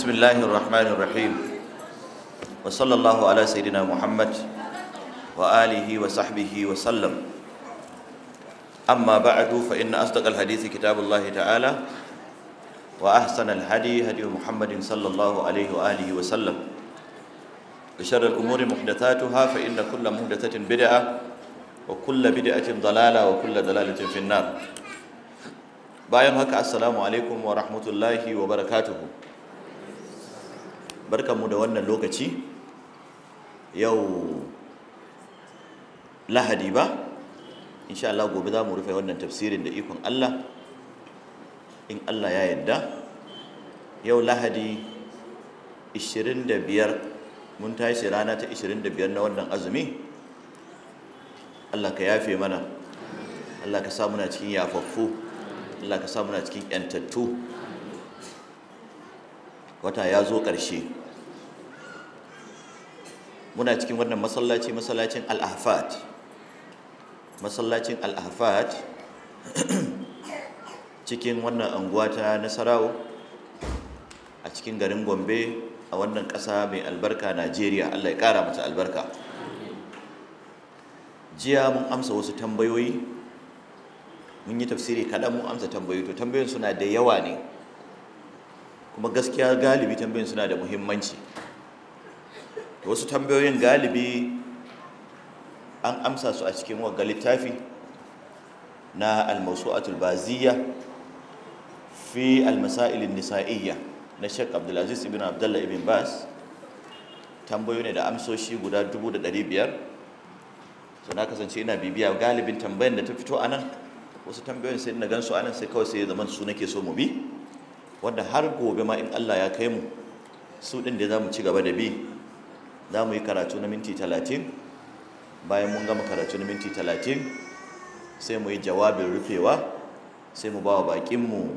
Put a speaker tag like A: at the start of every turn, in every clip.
A: بسم الله الرحمن الرحيم وصلى الله على سيدنا محمد وآله وصحبه وسلم أما بعد فإن أصدق الحديث كتاب الله تعالى وأحسن الهدي هدي محمد صلى الله عليه وآله وسلم وشر الأمور محدثاتها فإن كل محدثة بدعة وكل بدعة ضلالة وكل ضلالة في النار بايم هكا السلام عليكم ورحمة الله وبركاته barkanmu da wannan lokaci yau lahadi ba insha Allah gobe za mu rufe wannan tafsirin da ikon Allah in Allah ya yadda yau lahadi 25 mun tashi rana ta 25 na wannan azumi Allah ka yafe mana Allah ka sa muna cikin yafaffu Allah ka sa muna cikin yantattu wata ya zo ƙarshe muna cikin wannan masallaci masallacin al'afat masallacin al'afat cikin wannan anguwa ta nasarawo a cikin garin gombe a wannan ƙasa mai albarka najeriya allah ya ƙara mata albarka jiya mun amsa wasu tambayoyi mun yi tafsiri kaɗan mun amsa tambayoyi to tambayoyin suna da yawa ne kuma gaskiya galibi tambayoyin suna da muhimmanci wasu tambayoyin galibi an amsa su a cikin wa littafi na almasu'atul baziya fi almasailin nisa'iyya na Sheikh Abdulaziz ibn Abdullahi ibn Bas tambayoyi ne da amsoshi guda 1500 so na kasance ina bibiya galibin tambayan da ta fito anan wasu tambayoyin sai na gansu anan sai kawai sai zaman su nake so mu bi wanda har gobe ma in Allah ya kai mu su din da mu ci gaba da bi za mu yi karatu na minti talatin bayan mun gama karatu na minti talatin sai mu yi jawabin rufewa sai mu ba wa bakinmu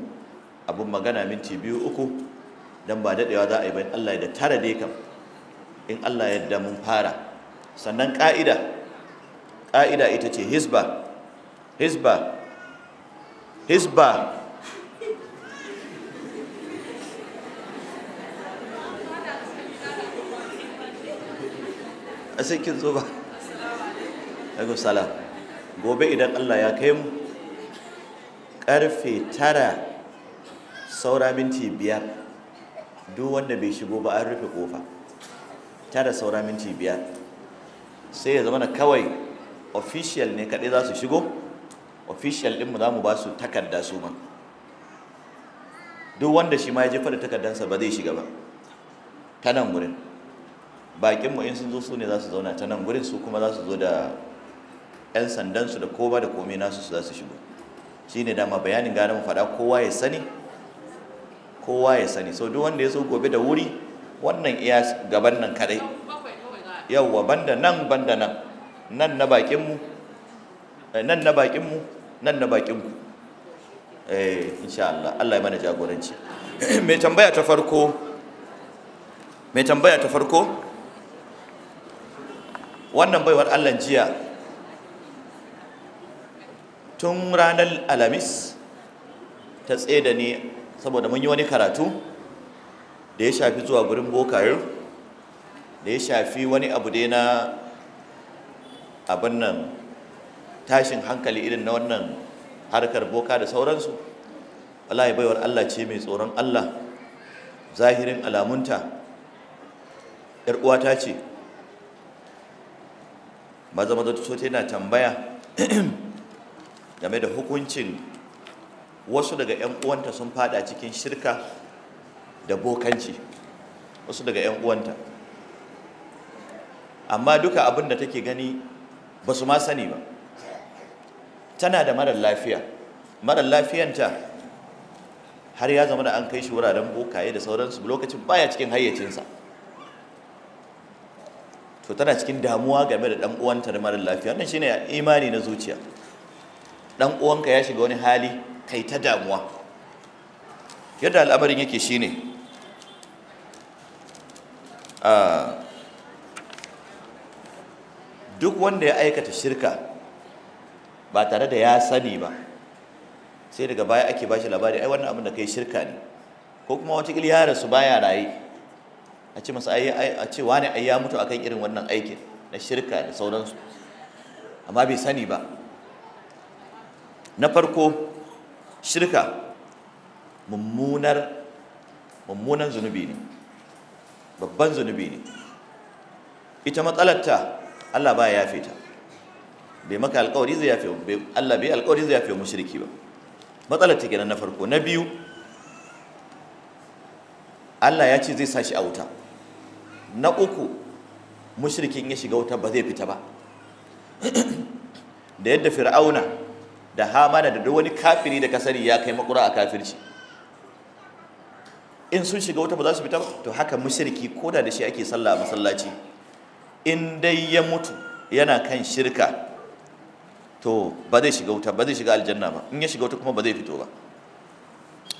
A: abin magana minti biyu uku don ba daɗewa za a yi bayan allah da tara dai kam in allah yadda mun fara sannan ƙa'ida ƙa'ida ita ce hisba hisba hisba a kin zo ba alaikum sala gobe idan Allah ya kai mu karfe tara saura minti biyar duk wanda bai shigo ba an rufe kofa tara saura minti biyar sai ya zama na kawai official ne kaɗai za su shigo official ɗinmu za mu ba su takarda su ma duk wanda shi ma ya je da takardansa ba zai shiga ba ta nan wurin bakin mu in sun zo su ne za su zauna ta nan gurin su kuma za su zo da yan sandan su da kowa da komai nasu su za su shigo shine dama bayanin gane mu faɗa kowa ya sani kowa ya sani so duk wanda ya zo gobe da wuri wannan iya gaban nan kadai yawwa banda nan banda nan nan na bakin mu eh, nan na bakin mu nan na bakin ku eh insha Allah Allah ya mana jagoranci mai tambaya ta farko mai tambaya ta farko wannan baiwar allah jiya tun ranar alamis ta tseda ne saboda mun yi wani karatu da ya shafi zuwa gurin bokayen da ya shafi wani abu dai na abin nan tashin hankali irin na wannan harkar boka da sauransu wallahi baiwar Allah ce mai tsoron Allah zahirin alamunta 'yar uwata ce maza maza so tana tambaya game da hukuncin wasu daga 'yan uwanta sun fada cikin shirka da bokanci wasu daga 'yan uwanta amma duka abin da take gani ba su ma sani ba tana da marar lafiya marar lafiyanta har ya zama da an kai shi wuraren bokaye da sauransu lokacin baya cikin hayyacinsa to tana cikin damuwa game da dan uwanta da lafiya wannan shine imani na zuciya dan uwanka ya shiga wani hali kai ta damuwa yadda al'amarin yake shine ne. duk wanda ya aikata shirka ba tare da ya sani ba sai daga baya ake bashi labari ai wannan abin da kai shirka ne ko kuma wata ya rasu baya raye a ce ayi a ce wani ai ya mutu akan irin wannan aikin na shirka da sauransu amma bai sani ba na farko shirka mummunar mummunan zunubi ne babban zunubi ne ita matsalarta Allah ba ya yafe ta bai maka alƙawari zai yafe Allah bai alƙawari zai yafe mushriki ba matsalar ta kenan na farko na biyu Allah ya ce zai sa shi a wuta na uku mushrikin ya shiga wuta ba zai fita ba da yadda fir'auna da hamana da duk wani kafiri da kasari ya kai makura a kafirci in sun shiga wuta ba za su fita ba to haka mushriki ko da shi ake sallah a masallaci in dai ya mutu yana kan shirka to ba zai shiga wuta ba zai shiga aljanna ba in ya shiga wuta kuma ba zai fito ba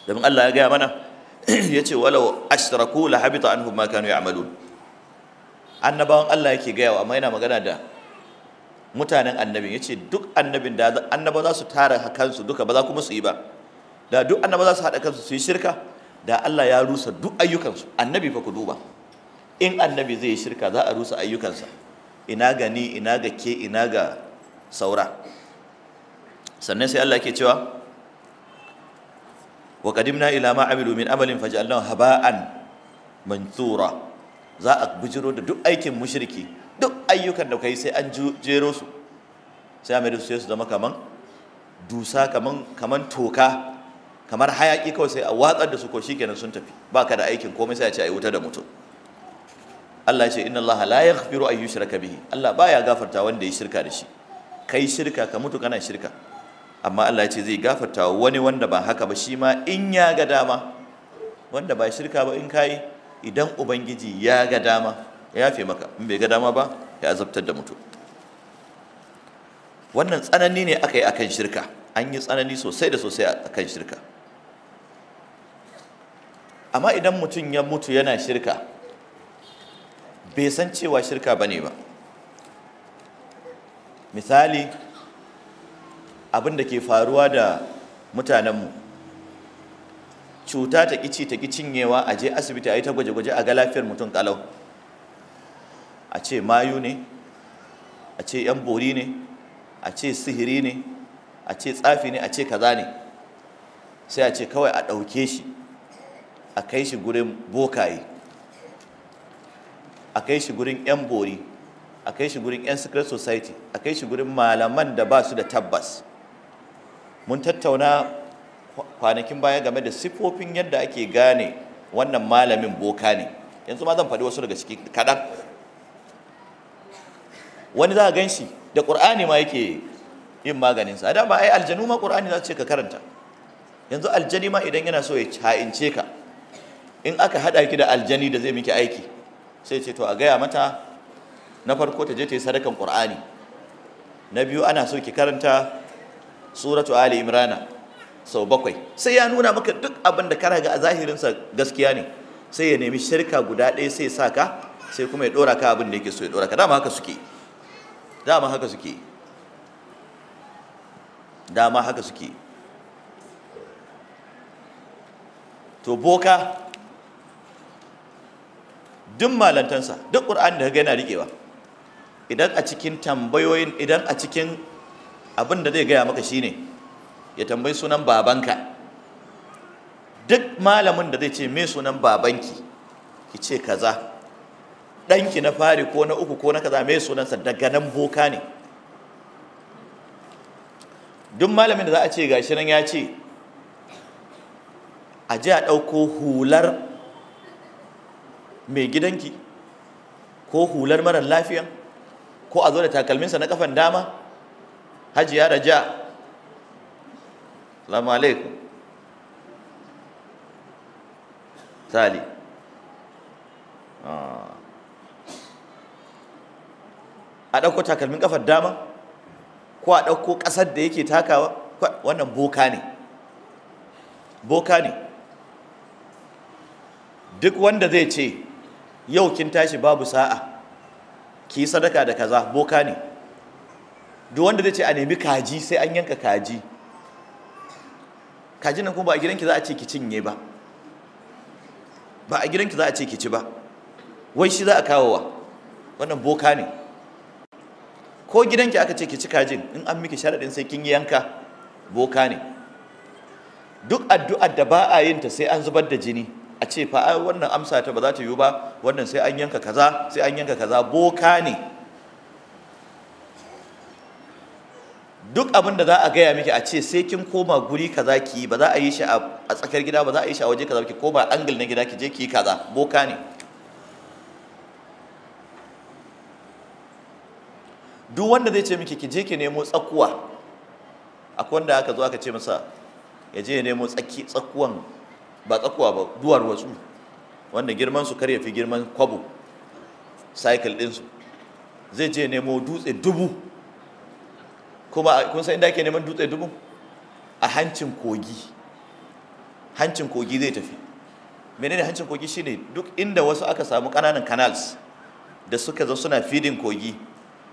A: domin Allah ya gaya mana ya ce walau ashtaraku la habita anhum ma kanu ya'malun annabawan Allah yake gaya wa amma yana magana da mutanen annabin yace duk annabin da annaba za su tara kansu duka ba za kuma su yi ba da duk annaba za su haɗa kansu su yi shirka da Allah ya rusa duk ayyukansu annabi fa ku duba in annabi zai yi shirka za a rusa ayyukansa ina ga ni ina ga ke ina ga saura sannan sai Allah ke cewa wa qadimna ila ma amilu min amalin faj'alnahu haba'an manthura za a bujiro da duk aikin mushriki duk ayyukan da kai sai an jero su sai amir su su zama kaman dusa kaman kaman toka kamar hayaki kawai sai a watsar da su ko shikenan sun tafi baka da aikin komai sai a ce a wuta da mutum Allah ce inna Allah la yaghfiru an yushraka bihi Allah baya gafarta wanda ya shirka da shi kai shirka ka mutu kana shirka amma Allah ce zai gafarta wani wanda ba haka ba shi ma in ya ga dama wanda ba shirka ba in kai idan ubangiji ya ga dama ya yafe maka in bai ga dama ba ya azabtar da mutu. wannan tsanani ne aka yi a kan shirka an yi tsanani sosai da sosai a kan shirka amma idan mutum ya mutu yana shirka bai san cewa shirka ba ne ba misali abin da ke faruwa da mutanenmu cuta ta ƙici ta ƙi cinyewa a je asibiti a yi ta gwaje-gwaje a ga lafiyar mutum kalau a ce mayu ne a ce yan bori ne a ce sihiri ne a ce tsafi ne a ce kaza ne sai a ce kawai a ɗauke shi a kai shi gurin bokaye a kai shi gurin yan bori a kai shi gurin yan secret society a kai shi gurin malaman da ba su da tabbas mun tattauna kwanakin baya game da sifofin yadda ake gane wannan malamin boka ne yanzu ma zan faɗi wasu daga ciki kaɗan wani za a gan shi da ƙur'ani ma yake yin maganinsa da ba ai aljanu ma ƙur'ani za su ce ka karanta yanzu aljani ma idan yana so ya ha'ince ka in aka haɗa ki da aljani da zai miki aiki sai ce to a gaya mata na farko ta je ta yi sadakan ƙur'ani na biyu ana so ki karanta suratu ali imrana sau bakwai sai ya nuna maka duk abin da ka ga a zahirinsa gaskiya ne sai ya nemi shirka guda ɗaya sai sa ka sai kuma ya ɗora ka abin da yake so ya ɗora ka dama haka suke dama haka suke dama haka suke to boka duk malantansa duk ƙur'ani da yana riƙewa idan a cikin tambayoyin idan a cikin abin da zai gaya maka shine ya tambayi sunan babanka duk malamin da zai ce me sunan babanki ki ce kaza ɗanki na fari ko na uku ko na kaza me sunansa daga nan boka ne duk malamin da za a ce gashi nan ya ce a ji a ɗauko hular mai gidanki ko hular marar lafiya ko a zo da takalminsa na kafan dama hajiya da ja السلام عليكم تالي a ɗauko takalmin ƙafar dama ko a ɗauko ƙasar da yake takawa wannan boka ne boka ne duk wanda zai ce yau kin tashi babu sa'a ki sadaka da kaza boka ne duk wanda zai ce a nemi kaji sai an yanka kaji kaji nan kuma ba a gidanki za a ce ki cinye ba ba a gidanki za a ce ki ci ba wai shi za a kawo wa wannan boka ne ko gidanki aka ce ki ci kajin in an miki sharadin sai kin yanka boka ne duk addu'ar da ba a yin ta sai an zubar da jini a ce fa wannan amsa ta ba za ta yiwu ba wannan sai an yanka kaza sai an yanka kaza boka ne duk abin da za a gaya miki a ce sai kin koma guri kaza ki yi ba za a yi shi a tsakar gida ba za a yi shi a waje kaza ki koma angle na gida ki je ki yi kaza boka ne duk wanda zai ce miki ki je ki nemo tsakuwa akwai wanda aka zo aka ce masa ya je ya nemo tsaki tsakuwan ba tsakuwa ba duwar watsu wanda girman su kar ya fi girman kwabo cycle ɗinsu zai je nemo dutse dubu kuma kun san inda ake neman dutse dubu a hancin kogi hancin kogi zai tafi menene hancin kogi shine duk inda wasu aka samu kananan canals da suka zo suna feeding kogi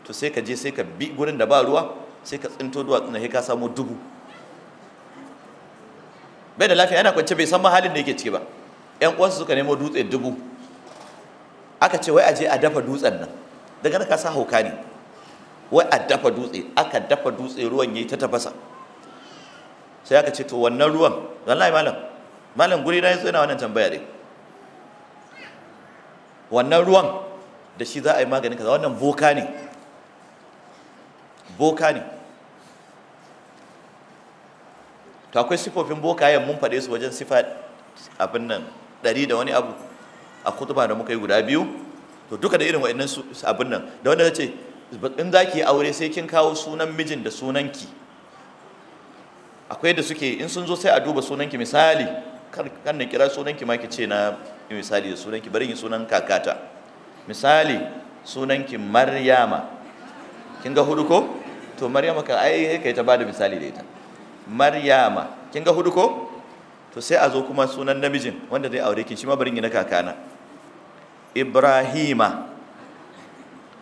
A: to sai ka je sai ka bi gurin da ba ruwa sai ka tsinto duwatsu na ka samu dubu bai da lafiya yana kwance bai san mahalin da yake ciki ba yan uwansu suka nemo dutse dubu aka ce wai a je a dafa dutsen nan daga nan ka sa hauka ne wai a dafa dutse aka dafa dutse ruwan yayi ta tafasa sai aka ce to wannan ruwan wallahi malam malam guri na yaso yana wannan tambaya dai wannan ruwan da shi za a yi maganin kaza wannan boka ne boka ne to akwai sifofin bokayen mun faɗe su wajen sifa abin nan ɗari da wani abu a kutuba da muka yi guda biyu to duka da irin wa'annan abin nan da wanda ya ce in za ki yi aure sai kin kawo sunan mijin da sunanki akwai da suke in sun zo sai a duba sunanki misali kan na kira sunanki ma ki ce na misali da sunanki bari yin sunan kakata misali sunanki maryama kin ga hudu ko to maryama kan ai kai ta bada misali da ita maryama kin ga hudu ko to sai a zo kuma sunan namijin wanda zai aure kin shi ma bari yin na kakana ibrahima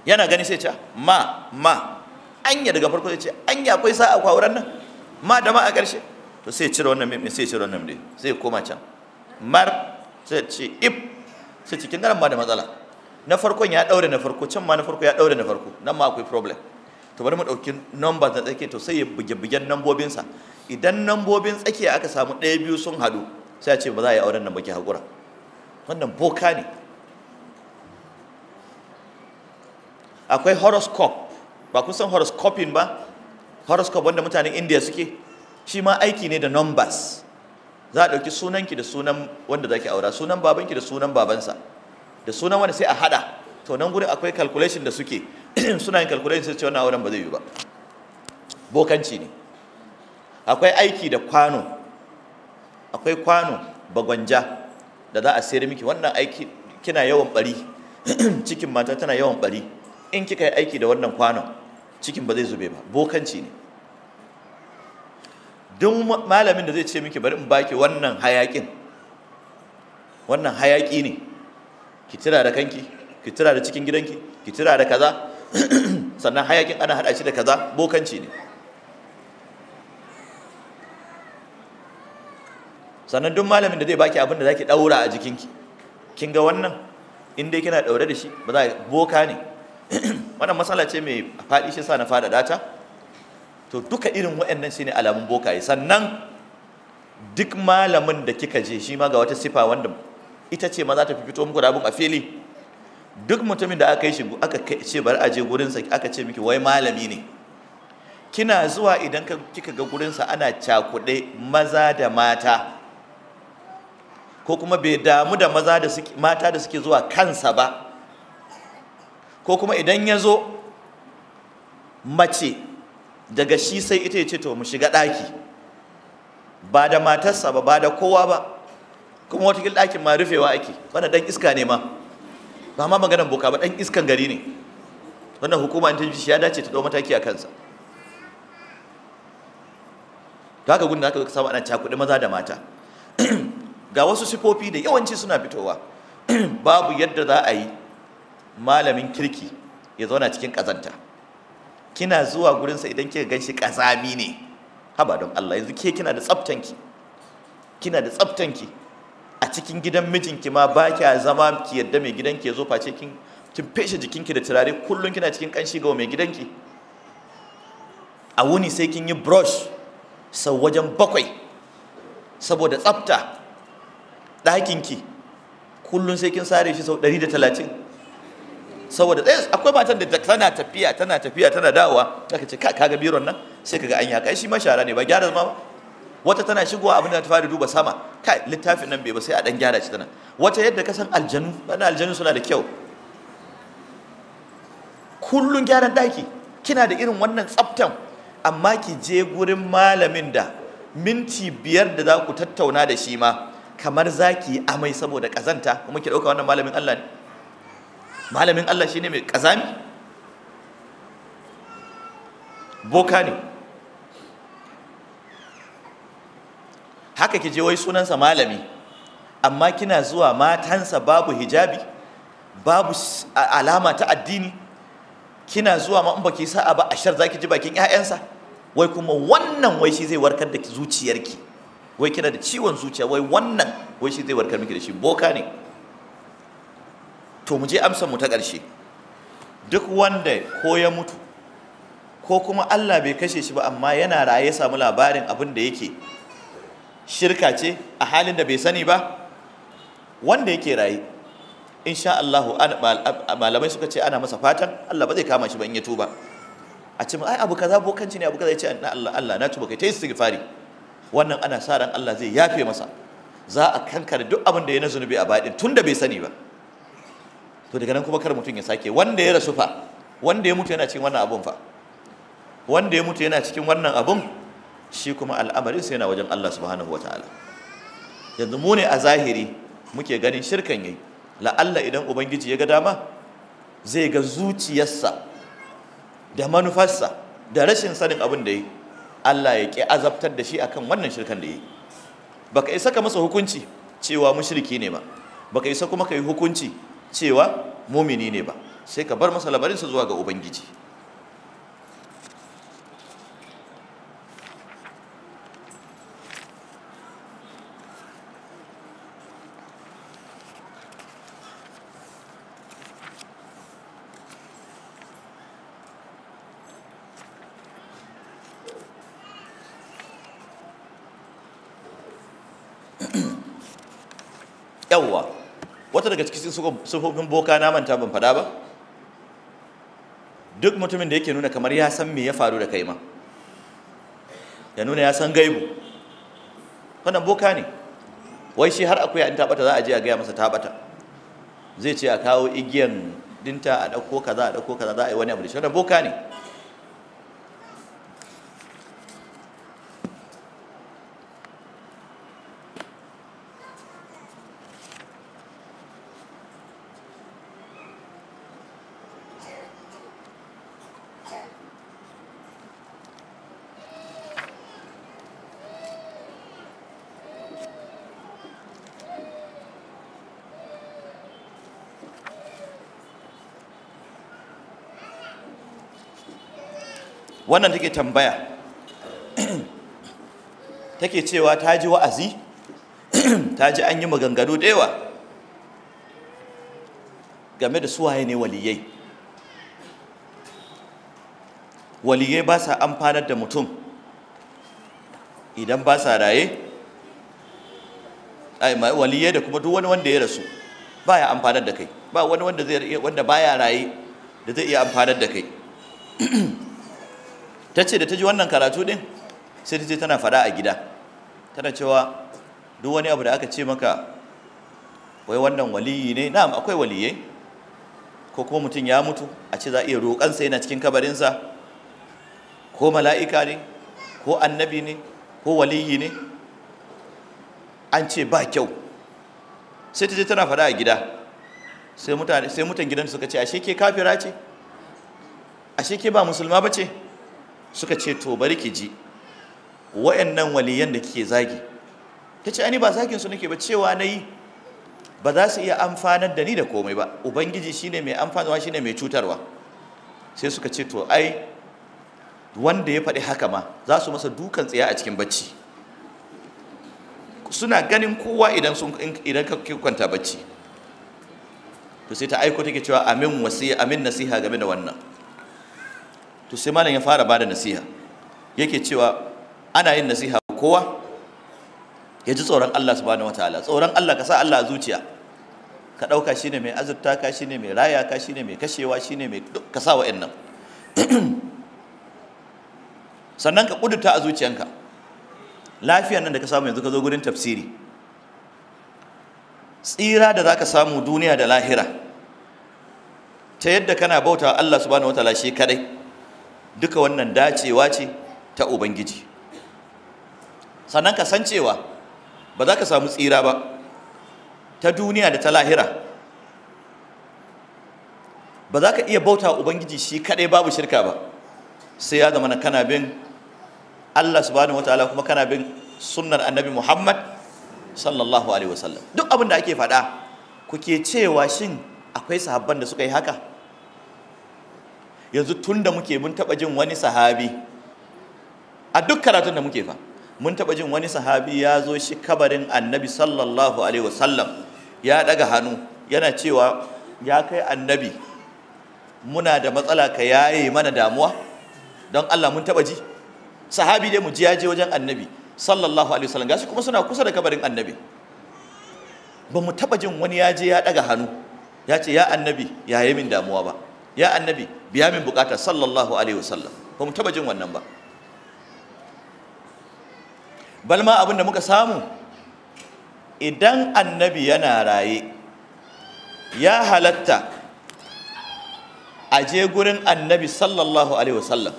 A: yana gani sai ce ma ma anya daga farko sai ce anya akwai sa'a kwa wurin nan ma da ma a ƙarshe to sai cire wannan mai sai cire wannan mai sai koma can mar sai ce if sai kin garan ma da matsala na farkon ya daure na farko can ma na farko ya daure na farko nan ma akwai problem to bari mu dauki number na tsake to sai ya buge bugen nambobin sa idan nambobin tsakiya aka samu ɗaya biyu sun hadu sai a ce ba za a yi auren nan ba ki hakura wannan boka ne akwai horoscope ba kusan horoscoping ba horoscope wanda mutanen india suke shi ma aiki ne da numbers za a ɗauki sunanki da sunan wanda zaki aura sunan babanki da sunan babansa da sunan wanda sai a haɗa to nan gurin akwai calculation da suke suna yin calculation sai ce wannan auren ba zai yi ba bokanci ne akwai aiki da kwano akwai kwano bagwanja da za a sayar miki wannan aiki kina yawan bari cikin mata tana yawan bari in kika yi aiki da wannan kwanon cikin ba zai zube ba bokanci ne don malamin da zai ce miki bari in baki wannan hayakin wannan hayaki ne ki tira da kanki ki tira da cikin gidanki ki tira da kaza sannan hayakin ana hada shi da kaza bokanci ne sannan duk malamin da zai baki abin da zaki daura a jikinki kin ga wannan in dai kina ɗaure da shi ba za boka ne wannan matsala ce mai faɗi shi sa na fada data to duka irin waɗannan shine alamun boka bokaye sannan duk malamin da kika je shi ma ga wata sifa wanda ita ce ma za ta fito muku da abin a fili duk mutumin da aka yi shi aka ce bari a je gurinsa aka ce miki wai malami ne kina zuwa idan kika ga gurinsa ana cakuɗe maza da mata ko kuma bai damu da maza da mata da suke zuwa kansa ba ko kuma idan ya zo mace daga shi sai ita ya ce to mu shiga ɗaki ba da matarsa ba ba da kowa ba kuma watakil ɗakin ma rufewa ake wanda ɗan iska ne ma ba ma maganan boka ba ɗan iskan gari ne wannan hukuma ta ji ya dace ta ɗau mataki a kansa to haka gudun da aka samu ana cakuɗe maza da mata ga wasu sifofi da yawanci suna fitowa babu yadda za a yi malamin kirki ya zauna cikin kazanta kina zuwa gurinsa idan kika gan shi kazami ne haba don Allah yanzu ke kina da tsaftanki kina da tsaftanki a cikin gidan mijinki ma ba kya zama ki yadda mai gidanki ya zo face kin kin feshe jikinki da turare kullum kina cikin kanshi ga mai gidanki a wuni sai kin yi brush sau wajen bakwai saboda tsafta ɗakinki kullum sai kin sare shi sau ɗari da talatin. saboda ɗaya akwai matan da tana tafiya tana tafiya tana dawowa kaka ce ka kaga biron nan sai kaga an yi haka shi ma shara ne ba gyara ma ba wata tana shigowa abin da ta fara duba sama kai littafin nan bai ba sai a dan gyara shi tana wata yadda ka san aljanu bana aljanu suna da kyau kullun gyaran daki kina da irin wannan tsaftan amma ki je gurin malamin da minti biyar da za ku tattauna da shi ma kamar zaki amai saboda kazanta kuma ki dauka wannan malamin Allah ne malamin Allah shi ne mai ƙazami boka ne haka ki je wai sunansa malami amma kina zuwa matansa babu hijabi babu alama ta addini kina zuwa ma in baki sa'a ba ashar zaki ji bakin 'ya'yansa. wai kuma wannan wai shi zai warkar da zuciyarki wai kina da ciwon zuciya wai wannan wai shi zai warkar miki da shi boka ne to mu je amsar mu ta ƙarshe duk wanda ko ya mutu ko kuma Allah bai kashe shi ba amma yana raye ya samu labarin abin da yake shirka ce a halin da bai sani ba wanda yake raye insha Allah malamai suka ce ana masa fatan Allah ba zai kama shi ba in ya tuba a ce ai abu kaza bokanci ne abu kaza ya ce Allah Allah na tuba kai ta istighfari wannan ana sa ran Allah zai yafe masa za a kankare duk abin da ya na zunubi a baɗin tun da bai sani ba to daga nan kuma kar mutum ya sake wanda ya rasu fa wanda ya mutu yana cikin wannan abun fa wanda ya mutu yana cikin wannan abun shi kuma al'amarin sai yana wajen Allah subhanahu wataala yanzu mu ne a zahiri muke ganin shirkan yayi la'alla idan ubangiji ya ga dama zai ga zuciyarsa da manufarsa da rashin sanin abin da yi Allah ya ƙi azabtar da shi akan wannan shirkan da yi baka isa ka masa hukunci cewa mushriki ne ba baka isa kuma ka yi hukunci cewa mumini ne ba sai ka bar masa labarinsa zuwa ga ubangiji yawwa wata daga cikin sufofin boka na manta ban faɗa ba duk mutumin da yake nuna kamar ya san me ya faru da kai ma ya nuna ya san gaibu wannan boka ne wai shi har akwai ta tabata za a je a gaya masa tabata zai ce a kawo igiyan dinta a ɗauko kaza a ɗauko kaza za a yi wani abu da shi wannan boka ne wannan take tambaya take cewa ta ji wa'azi ta ji an yi maganganu da yawa game da suwaye ne waliyai waliyai ba sa amfanar da mutum idan ba sa raye waliyai da kuma duk wani wanda ya rasu ba ya amfanar da kai ba wani wanda ba wanda baya raye da zai iya amfanar da kai ta ce da ta ji wannan karatu din sai ta ce tana fada a gida tana cewa duk wani abu da aka ce maka wai wannan waliyi ne na akwai waliyai ko kuma mutum ya mutu a ce za a iya roƙansa yana cikin kabarinsa ko mala'ika ne ko annabi ne ko waliyi ne an ce ba kyau sai ta je tana fada a gida sai mutan gidan suka ce ashe ke kafira ce ashe ke ba musulma ba ce suka ce to bari ki ji wayannan waliyan da kike zagi tace ani ba zakin su nake ba cewa nayi ba za su iya amfanar da ni da komai ba ubangiji shine mai amfanarwa shine mai cutarwa sai suka ce to ai wanda ya faɗi haka ma za su masa dukan tsaya a cikin bacci suna ganin kowa idan sun idan ka kwanta bacci to sai ta aiko take cewa amin wasi amin nasiha game da wannan to sai malam ya fara bada nasiha yake cewa ana yin nasiha kowa ya ji tsoron Allah subhanahu wataala tsoron Allah ka sa Allah a zuciya ka dauka shi ne mai azurta ka shi ne mai raya ka shi ne mai kashewa shi ne mai ka sa wa'annan sannan ka ƙuduta a zuciyanka lafiyan nan da ka samu yanzu ka zo gurin tafsiri tsira da za ka samu duniya da lahira ta yadda kana bauta Allah subhanahu wataala shi kadai duka wannan dacewa ce ta ubangiji sannan ka san cewa ba za ka samu tsira ba ta duniya da ta lahira ba za ka iya bauta ubangiji shi kaɗai babu shirka ba sai ya zama na kana bin Allah subhanahu wataala kuma kana bin sunnar annabi Muhammad sallallahu alaihi wasallam duk abin da ake faɗa kuke cewa shin akwai sahabban da suka yi haka yanzu tun da muke mun taɓa jin wani sahabi a duk karatun da muke fa mun taɓa jin wani sahabi ya zo shi kabarin annabi sallallahu alaihi wasallam ya ɗaga hannu yana cewa ya kai annabi muna da matsala ka yaye mana damuwa don Allah mun taɓa ji sahabi dai mu ji ya je wajen annabi sallallahu alaihi wasallam gashi kuma suna kusa da kabarin annabi ba mu taɓa jin wani ya je ya ɗaga hannu ya ce ya annabi Ya yi min damuwa ba ya annabi biya min bukata sallallahu alaihi wasallam ba mu taba jin wannan ba balma abin da muka samu idan annabi yana raye ya halatta a je gurin annabi sallallahu alaihi wasallam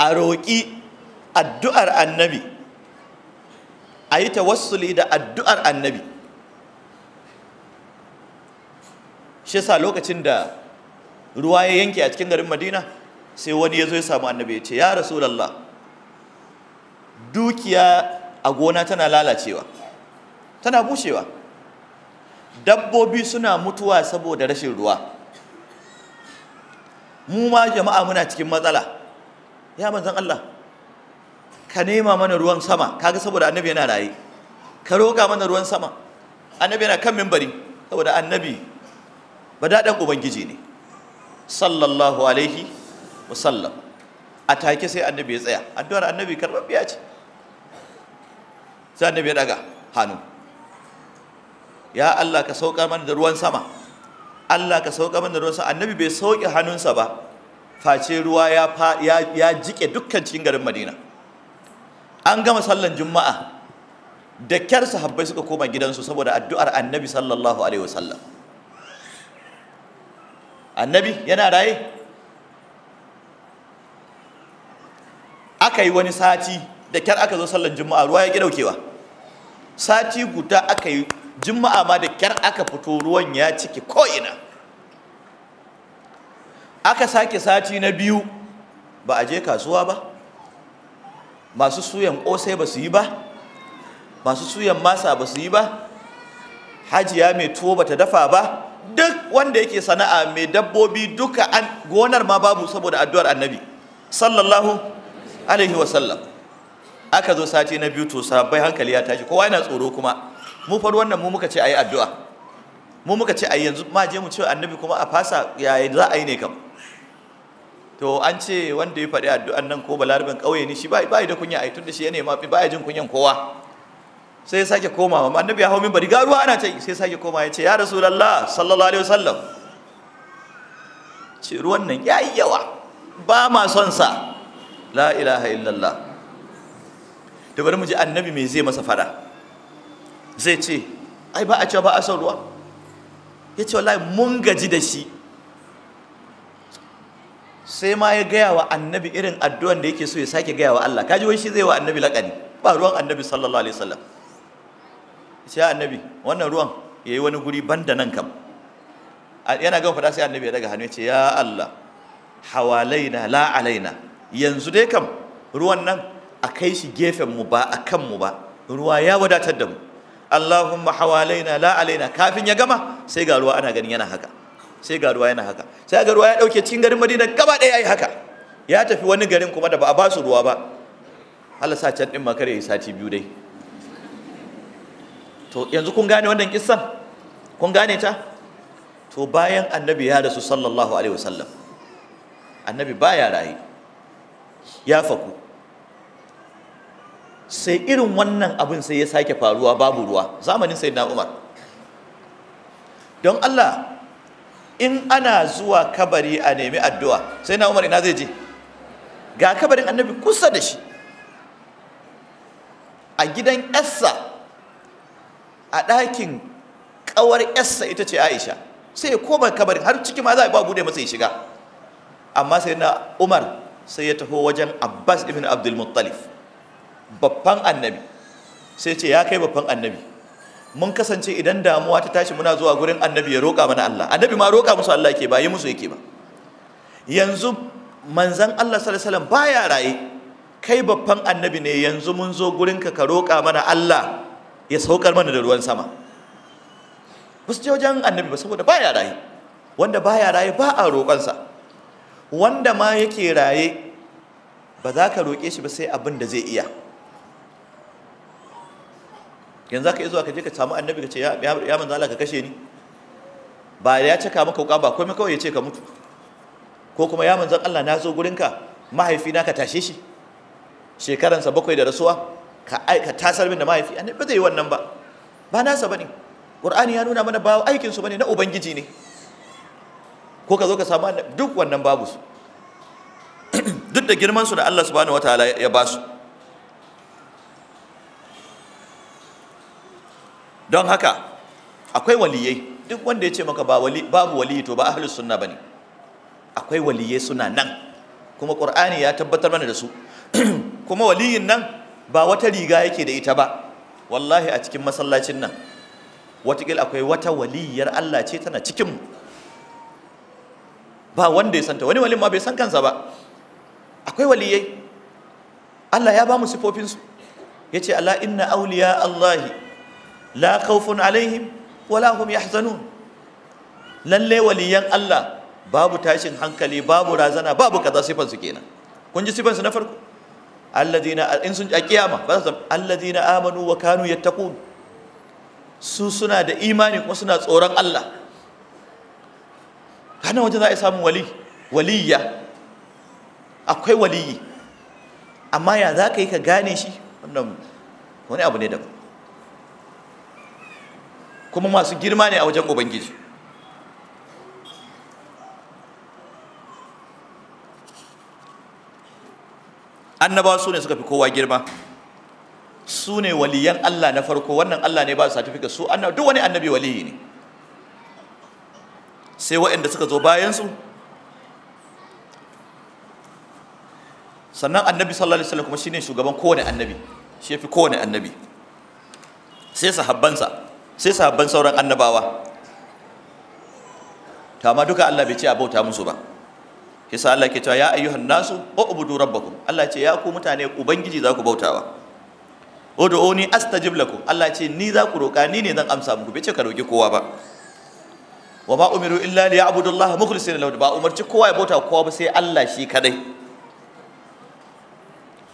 A: a roƙi addu'ar annabi a yi tawassuli da addu'ar annabi shi yasa lokacin da ruwa ya yanke a cikin garin madina sai wani ya zo ya samu annabi ya ce ya rasulallah dukiya a gona tana lalacewa tana bushewa dabbobi suna mutuwa saboda rashin ruwa mu ma jama'a muna cikin matsala ya manzan Allah ka nema mana ruwan sama kaga saboda annabi yana raye ka roƙa mana ruwan sama annabi yana kan mimbari saboda annabi badaɗan ubangiji ne sallallahu alaihi wasallam a take sai annabi ya tsaya addu'ar annabi karɓaɓɓiya ce sai annabi ya daga hannu ya Allah ka sauƙa mana da ruwan sama Allah ka sauƙa mana da ruwan sama annabi bai sauƙi hannunsa ba face ruwa ya ya ya jike dukkan cikin garin Madina an gama sallan juma'a da kyar sahabbai suka koma gidansu saboda addu'ar annabi sallallahu alaihi wasallam annabi yana raye aka yi wani sati da kyar aka zo sallan juma'a ruwa ya ki daukewa sati guda aka yi juma'a ma da kyar aka fito ruwan ya ciki ko'ina aka sake sati na biyu ba a je kasuwa ba masu suyan ƙosai ba su yi ba masu suyan masa ba su yi ba hajiya mai tuwo ba ta dafa ba duk wanda yake sana'a mai dabbobi duka an gonar ma babu saboda addu'ar annabi sallallahu alaihi wasallam aka zo sati na biyu to sabai hankali ya tashi kowa yana tsoro kuma mu faru wannan mu muka ce ayi addu'a mu muka ce ayi yanzu ma je mu ce annabi kuma a fasa yayin za a yi ne kam to an ce wanda ya faɗi addu'an nan ko balarabin ƙauye ne shi ba da kunya ai tunda shi ya mafi ba jin kunyan kowa sai ya sake komawa annabi ya hau min bari ga ruwa ana ta sai ya sake koma ya ce ya rasulullah sallallahu alaihi wasallam ce ruwan nan yayi yawa ba ma son sa la ilaha illallah da bari mu ji annabi me zai masa fada zai ce ai ba a cewa ba a son ruwa ya ce wallahi mun gaji da shi sai ma ya gaya wa annabi irin addu'an da yake so ya sake gaya wa Allah kaji wai shi zai wa annabi laƙani ba ruwan annabi sallallahu alaihi wasallam sai annabi wannan ruwan yayi wani guri banda nan kam yana gama faɗa sai annabi ya daga hannu ya ce ya Allah hawalaina la alaina yanzu dai kam ruwan nan a kai shi gefen mu ba a kan mu ba ruwa ya wadatar da mu Allahumma hawalaina la alaina kafin ya gama sai ga ruwa ana ganin yana haka sai ga ruwa yana haka sai ga ya dauke cikin garin Madina gaba ɗaya yayi haka ya tafi wani garin kuma da ba a ba su ruwa ba Allah sa can din ma yi sati biyu dai to yanzu kun gane wannan kissan kun gane ta to bayan annabi ya rasu sallallahu alaihi wasallam annabi baya raye ya faku sai irin wannan abin sai ya sake faruwa babu ruwa zamanin sayyidina Umar don Allah in ana zuwa kabari a nemi addu'a sai na Umar ina zai je ga kabarin annabi kusa da shi a gidan yarsa a ɗakin ƙawar ƴarsa ita ce aisha sai ya koma kabarin har ciki ma za a ba bude masa ya shiga amma sai na umar sai ya taho wajen abbas ibn abdul muttalif babban annabi sai ce ya kai babban annabi mun kasance idan damuwa ta tashi muna zuwa gurin annabi ya roƙa mana allah annabi ma roƙa musu allah ke ba yi musu yake ba yanzu manzan allah sallallahu alaihi baya raye kai babban annabi ne yanzu mun zo gurinka ka roƙa mana allah ya saukar mana da ruwan sama ba su je wajen annabi ba saboda baya raye wanda baya raye ba a roƙonsa wanda ma yake raye ba za ka roƙe shi ba sai abin da zai iya yanzu ka yi zuwa ka je ka samu annabi ka ce ya manzo Allah ka kashe ni ba ya caka maka wuka ba komai kawai ya ce ka mutu ko kuma ya zan Allah na zo gurinka mahaifina ka tashe shi shekaransa bakwai da rasuwa ka aika tasar min da mahaifi annabi ba zai yi wannan ba ba nasa ba ne. ƙur'ani ya nuna mana ba aikinsu ba ne na ubangiji ne ko ka zo ka samu duk wannan babu su duk da girman su da Allah subhanahu taala ya ba su don haka akwai waliyai duk wanda ya ce maka babu waliyi to ba suna sunna ne. akwai waliyai suna nan kuma ƙur'ani ya tabbatar mana da su kuma waliyin nan ba wata riga yake da ita ba wallahi a cikin masallacin nan watakil akwai wata waliyar Allah ce tana cikin ba wanda ya santa wani walin ma bai san kansa ba akwai waliyai Allah ya ba mu sifofin ya ce ala inna awliya Allahi la khawfun alaihim wala hum yahzanun lalle waliyan Allah babu tashin hankali babu razana babu kaza su kenan kun ji su na farko alladina in sun a kiyama ba za su alladina amanu wa kanu yattaqun su suna da imani kuma suna tsoron Allah kana wajen za a samu wali waliyya akwai waliyi amma ya za ka yi ka gane shi wannan wani abu ne daban kuma masu girma ne a wajen ubangiji annabawa su ne suka fi kowa girma su ne waliyan Allah na farko wannan Allah ne ba su certificate su annabi duk wani annabi waliyi ne sai waɗanda suka zo bayan su sannan annabi sallallahu alaihi wasallam kuma shine shugaban kowane annabi shi yafi kowane annabi sai sahabbansa sai sahabban sauran annabawa to amma duka Allah bai ce a bauta musu ba yasa Allah ke cewa ya ayyuhan nasu ubudu rabbakum Allah ce ya ku mutane ubangiji za ku bautawa ud'uni astajib lakum Allah ce ni za ku roka ni ne zan amsa muku bai ce ka roki kowa ba wa ma umiru illa liya'budu Allah mukhlisina lahu ba umarci kowa ya bauta kowa ba sai Allah shi kadai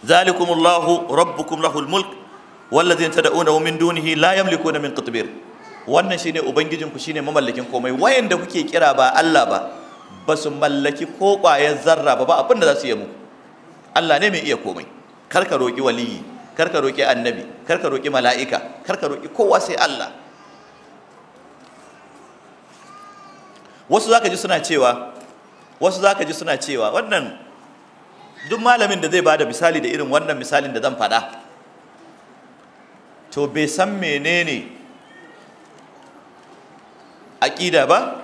A: zalikumullahu rabbukum lahul mulk wallazina tad'unahu min dunihi la yamlikuna min qitmir wannan shine ubangijinku shine mamallakin komai wayanda kuke kira ba Allah ba ba su mallaki ko ƙwayar zarra ba ba abin da za su yi muku Allah ne mai iya komai kar ka roƙi waliyi kar ka roƙi annabi kar ka roƙi mala'ika kar ka roƙi kowa sai Allah wasu zaka ji suna cewa wasu zaka ji suna cewa wannan duk malamin da zai bada misali da irin wannan misalin da zan faɗa to bai san menene aƙida ba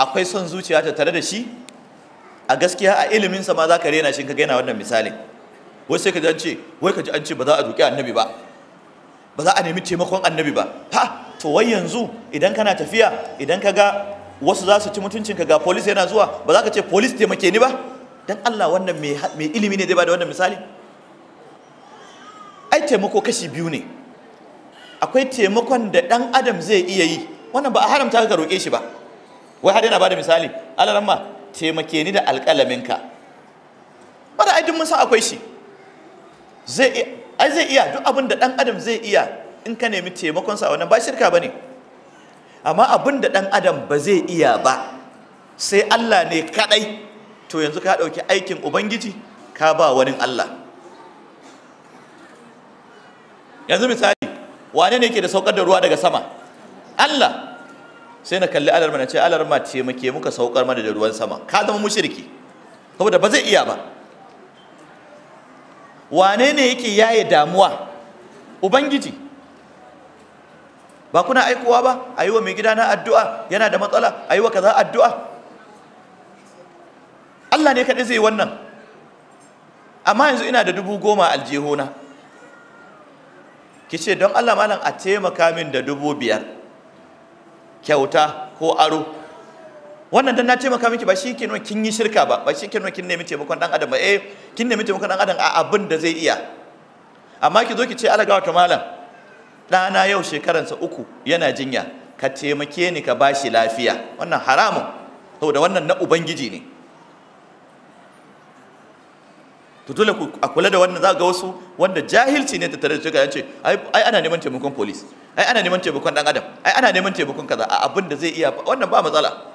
A: akwai son zuciya ta tare da shi a gaskiya a iliminsa ma za ka rena shi ka gaina wannan misalin wai sai ka an ce wai ka ji an ce ba za a roƙi annabi ba ba za a nemi taimakon annabi ba ha to wai yanzu idan kana tafiya idan ka ga wasu za su ci mutuncinka ga polis yana zuwa ba za ka ce polis taimake ni ba dan Allah wannan mai ilimi ne zai ba da wannan misali ai taimako kashi biyu ne akwai taimakon da dan adam zai iya yi wannan ba a haramta ka roƙe shi ba wai har yana da misali alaran ma taimake ni da alƙalaminka ka. ai duk mun san akwai shi zai ai zai iya duk abin da ɗan adam zai iya in ka nemi taimakon sa wannan ba shirka bane amma abin da ɗan adam ba zai iya ba sai Allah ne kaɗai, to yanzu ka ɗauki aikin ubangiji ka ba wani Allah yanzu misali wane ne yake da saukar da ruwa daga sama Allah sai na kalli alarma na ce alarma muke muka saukar mana da ruwan sama ka zama mushriki saboda ba zai iya ba wane ne yake yaye damuwa ubangiji ba kuna aikowa ba a yi wa mai na addu'a yana da matsala a yi wa kaza addu'a Allah ne kaɗai zai wannan amma yanzu ina da dubu goma aljihuna ki ce don Allah malam a taimaka min da dubu biyar kyauta ko aro wannan dan na taimaka miki ba shi ke nuna kin yi shirka ba ba shi ke nuna kin nemi taimakon dan adam ba eh kin nemi taimakon dan adam a abin da zai iya amma ki zo ki ce alagawa ta malam ɗana yau shekaransa uku yana jinya ka taimake ni ka bashi lafiya wannan haramun da wannan na ubangiji ne to dole a kula da wannan za ga wasu wanda jahilci ne tattare da shi ce ai ana neman taimakon police ai ana neman taimakon dan adam ai ana neman taimakon kaza a abin da zai iya wannan ba matsala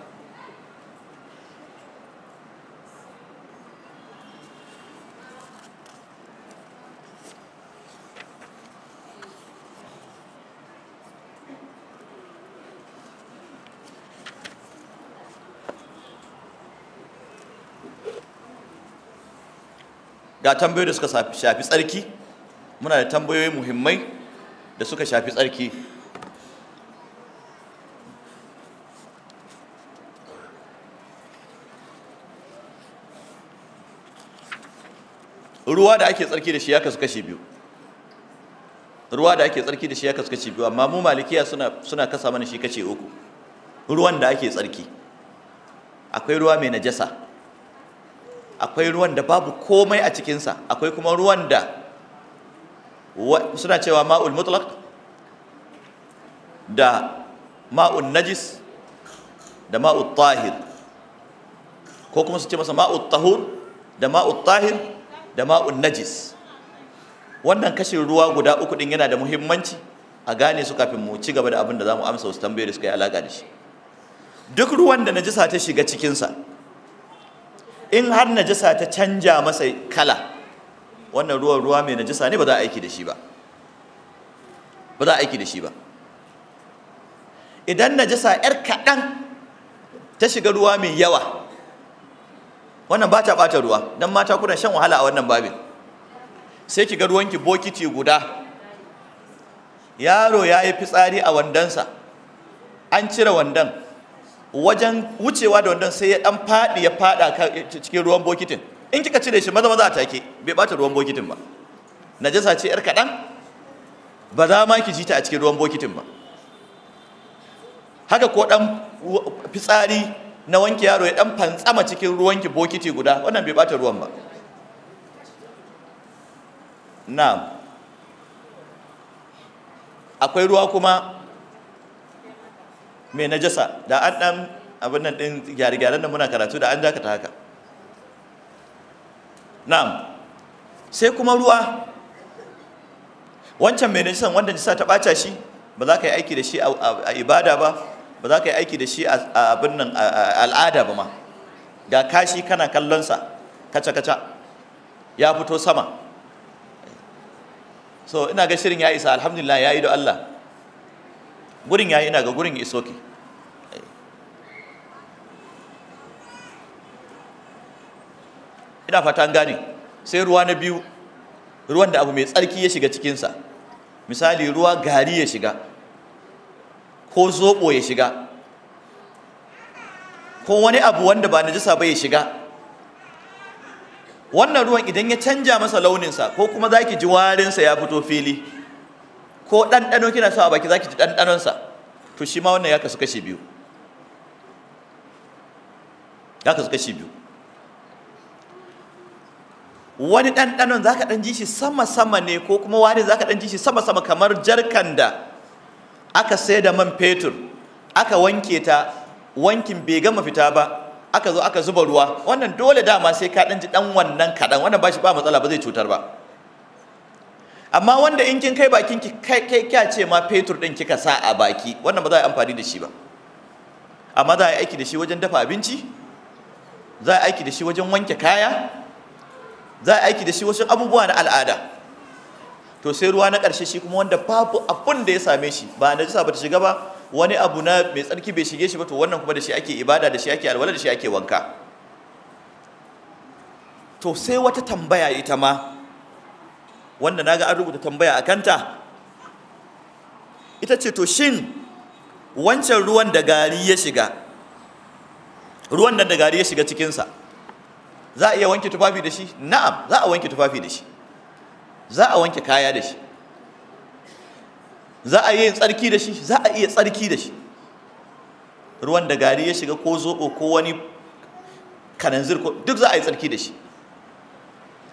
A: ga tambayoyi da suka shafi tsarki muna da tambayoyi muhimmai da suka shafi tsarki ruwa da ake tsarki da shi ya kasu kashi biyu ruwa da ake tsarki da shi ya kasu kashi biyu amma mu malikiya suna suna kasa mana shi kace uku ruwan da ake tsarki akwai ruwa mai najasa akwai ruwan da babu komai a cikinsa akwai kuma ruwan da suna cewa ma'ul mutlaq da ma'ul najis da ma'ul tahir ko kuma su ce masa ma'ul tahur da ma'ul tahir da ma'ul najis wannan kashin ruwa guda uku din yana da muhimmanci a gane su kafin mu ci gaba da abin da za mu amsa wasu tambayoyi suka yi alaƙa da shi duk ruwan da najisa ta shiga cikinsa in har najisa ta canja masa kala wannan ruwan ruwa mai najisa ne ba za a aiki da shi ba ba za a aiki da shi ba idan najasa yar kaɗan ta shiga ruwa mai yawa wannan ba ta ɓata ruwa don mata kuna shan wahala a wannan babin sai ki ga ruwanki bokiti guda yaro ya yi fitsari a wandonsa an cire wandon wajen wucewa da wandon sai ya ɗan faɗi ya faɗa cikin ruwan bokitin in kika cire shi maza maza a take bai bata ruwan bokitin ba najasa ce yar kaɗan ba za ma ki ji ta a cikin ruwan bokitin ba haka ko ɗan fitsari na wanke yaro ya ɗan fantsama cikin ki bokiti guda wannan bai bata ruwan ba na'am akwai ruwa kuma mai najasa da an ɗan abin nan ɗin gyare-gyaren da muna karatu da an dakata haka na'am sai kuma ruwa wancan mai najisan wanda najisa ta ɓaca shi ba za ka yi aiki da shi a ibada ba ba za ka yi aiki da shi a abin nan al'ada ba ma ga kashi kana kallonsa kaca-kaca ya fito sama so ina ga shirin ya isa alhamdulillah ya yi da Allah gurin ya yi ina ga gurin isoki ina fata an gane sai ruwa na biyu ruwan da abu mai tsarki ya shiga cikinsa misali ruwa gari ya shiga ko zoɓo ya shiga ko wani abu wanda ba na jisa ba ya shiga wannan ruwan idan ya canja masa launinsa ko kuma za ki ji warinsa ya fito fili ko ɗanɗano kina sa a baki za ki ji ɗanɗanonsa to shi ma wannan ya kasu ya kasu kashi biyu wani ɗanɗanon za ka ɗan ji shi sama-sama ne ko kuma wani za ka ɗan ji shi sama-sama kamar jarkan da aka sai da man fetur aka wanke ta wankin bai gama fita ba aka zo aka zuba ruwa wannan dole dama sai ka ɗan ji ɗan wannan kaɗan wannan ba shi ba matsala ba zai cutar ba amma wanda in kin kai bakin ki kai kya ce ma fetur ɗin kika sa a baki wannan ba za a yi amfani da shi ba amma za a yi aiki da shi wajen dafa abinci za a yi aiki da shi wajen wanke kaya za a aiki da shi wasu abubuwa na al'ada to sai ruwa na ƙarshe shi kuma wanda babu abun da ya same shi ba na jisa ba ta shiga ba wani abu na mai tsarki bai shige shi ba to wannan kuma da shi ake ibada da shi ake alwala da shi ake wanka to sai wata tambaya ita ma wanda ga an rubuta tambaya a kanta ita ce to shin wancan ruwan da gari ya shiga ruwan nan da gari ya shiga cikinsa za a iya wanke tufafi da shi na'am za a wanke tufafi da shi za a wanke kaya da shi za a yi tsarki da shi za a iya tsarki da shi ruwan da gari ya shiga ko zoɓo ko wani kananzir ko duk za a yi tsarki da shi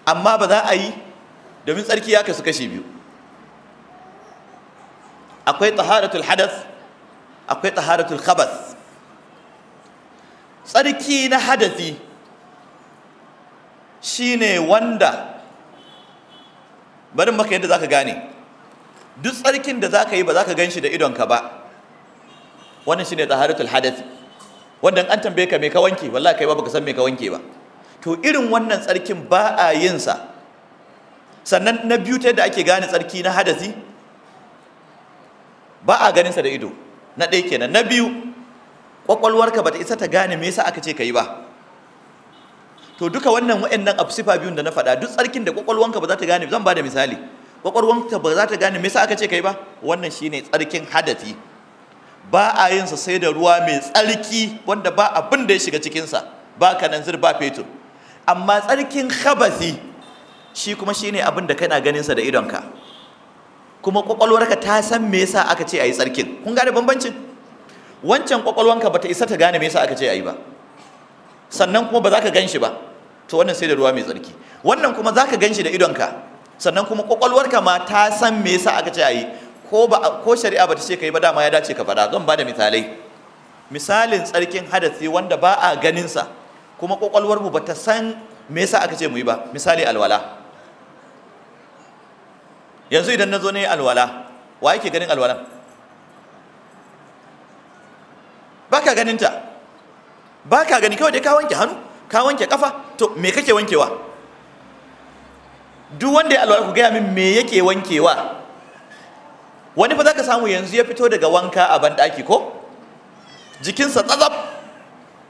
A: amma ba za a yi domin tsarki ya kasu kashi biyu akwai taharatul hadas, akwai taharatul khabas tsarki na hadasi shine wanda bari maka yadda zaka gane duk tsarkin da zaka yi ba zaka gan shi da idonka ba wannan shine taharatul hadath wanda an tambaye ka me ka wanke wallahi kai ba baka san me ka wanke ba to irin wannan tsarkin ba a yin sa sannan na biyu ta yadda ake gane tsarki na hadasi ba a ganin sa da ido na ɗaya kenan na biyu kwakwalwarka bata isa ta gane me yasa aka ce ka yi ba to duka wannan wa'annan sifa biyun da na faɗa duk tsarkin da kwakwalwanka ba za ta gane zan ba da misali kwakwalwanka ba za ta gane me yasa aka ce kai ba wannan shine tsarkin hadati ba a yin sa sai da ruwa mai tsarki wanda ba abin da ya shiga cikin sa ba kananzir ba fetur amma tsarkin khabasi shi kuma shine abin da kana ganin sa da idonka kuma kwakwalwarka ta san me yasa aka ce ayi tsarkin kun gane bambancin wancan kwakwalwanka bata isa ta gane me yasa aka ce ayi ba sannan kuma ba za ka gan shi ba to wannan sai da ruwa mai tsarki wannan kuma zaka ganshi da idonka sannan kuma kwakwalwarka ma ta san me yasa aka ce ayi ko ba ko shari'a bata ce kai ba dama ya dace ka fada zan bada misalai misalin tsarkin hadasi wanda ba a ganin sa kuma kwakwalwar mu bata san me yasa aka ce mu yi ba misali alwala yanzu idan na zo ne alwala wa yake ganin alwalan baka ganin ta baka gani kawai dai ka wanke hannu ka wanke kafa to me kake wankewa duk wanda ya alwala ku gaya min me yake wankewa wani fa za ka samu yanzu ya fito daga wanka a banɗaki ko jikinsa tsazab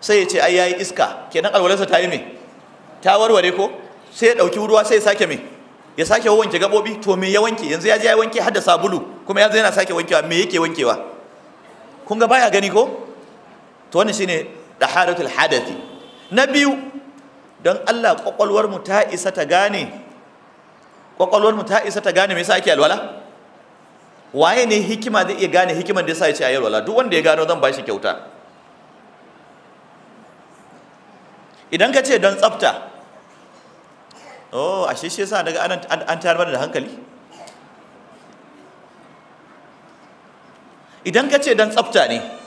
A: sai ya ce ai yayi iska kenan alwalarsa ta yi me ta warware ko sai ya ɗauki ruwa sai ya sake me ya sake wanke gabobi to me ya wanke yanzu ya je ya wanke har da sabulu kuma yanzu yana sake wankewa me yake wankewa kun ga baya gani ko to wannan shine daharatul hadathi na biyu don Allah kwakwalwarmu ta isa ta gane kwakwalwarmu ta isa ta gane me sa ake alwala waye ne hikima zai iya gane hikiman da sa ya ce ayi alwala duk wanda ya gano zan bashi kyauta idan ka ce don tsafta oh a shishe sa daga an an tayar mana da hankali idan ka ce don tsafta ne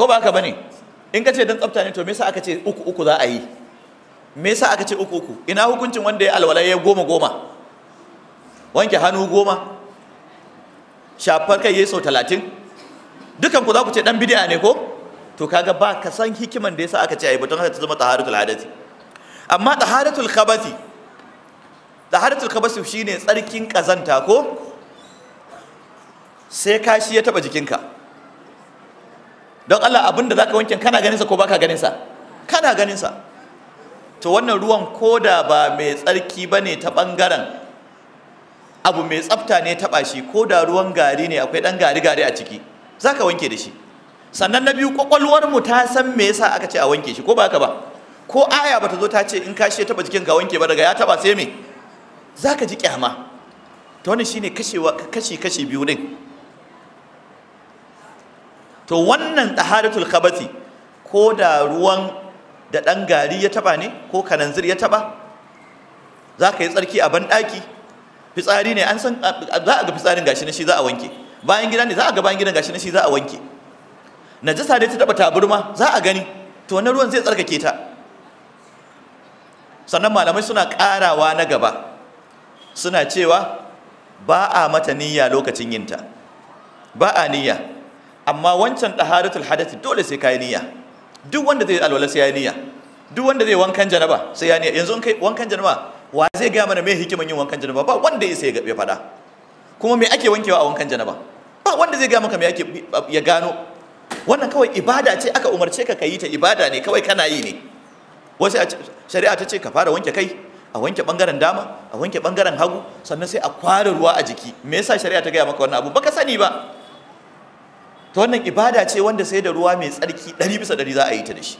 A: ko ba haka bane in ka ce dan tsafta ne to me yasa aka ce uku uku za a yi me yasa aka ce uku uku ina hukuncin wanda ya alwala ya goma goma wanke hannu goma shafar kai ya sau talatin dukan ku za ku ce dan bidiya ne ko to kaga ba ka san hikiman da yasa aka ce ayi batun haka ta zama taharatul hadasi amma taharatul khabasi taharatul khabasi shine tsarkin kazanta ko sai kashi ya taba jikinka don Allah abin da zaka wanke kana ganin sa ko baka ganin sa kana ganin sa to wannan ruwan koda ba mai tsarki bane ta bangaren abu mai tsafta ne taɓa shi ko da ruwan gari ne akwai ɗan gari gari a ciki za ka wanke da shi sannan na biyu mu ta san me yasa aka ce a wanke shi ko ba haka ba ko aya bata zo ta ce in ka shi taɓa jikin ka wanke ba daga ya taɓa sai me za ka ji kyama ta wani shine kashewa kashi kashi biyu din. to wannan taharatul khabati ko da ruwan da ɗan gari ya taba ne ko kananzir ya taba za ka yi tsarki a banɗaki fitsari ne an san za a ga fitsarin gashi na shi za a wanke bayan gida ne za a ga bayan gidan gashi na shi za a wanke najasa dai ta taba taburma za a gani to wannan ruwan zai tsarkake ta sannan malamai suna ƙarawa na gaba suna cewa ba a mata niyya lokacin yinta ba a niyya amma wancan ɗaharatul hadati dole sai kayi niyya duk wanda zai alwala sai yayi niyya duk wanda zai wankan janaba sai yayi niyya yanzu kai wankan janaba wa zai ga mana me hikiman yin wankan janaba ba wanda ya sai fada kuma me ake wankewa a wankan janaba ba wanda zai ga maka me ake ya gano wannan kawai ibada ce aka umarce ka kayi ta ibada ne kawai kana yi ne wasu shari'a ta ce ka fara wanke kai a wanke bangaren dama a wanke bangaren hagu sannan sai a kwara ruwa a jiki me yasa shari'a ta gaya maka wannan abu baka sani ba to wannan ibada ce wanda sai da ruwa mai tsarki ɗari bisa ɗari za a yi ta da shi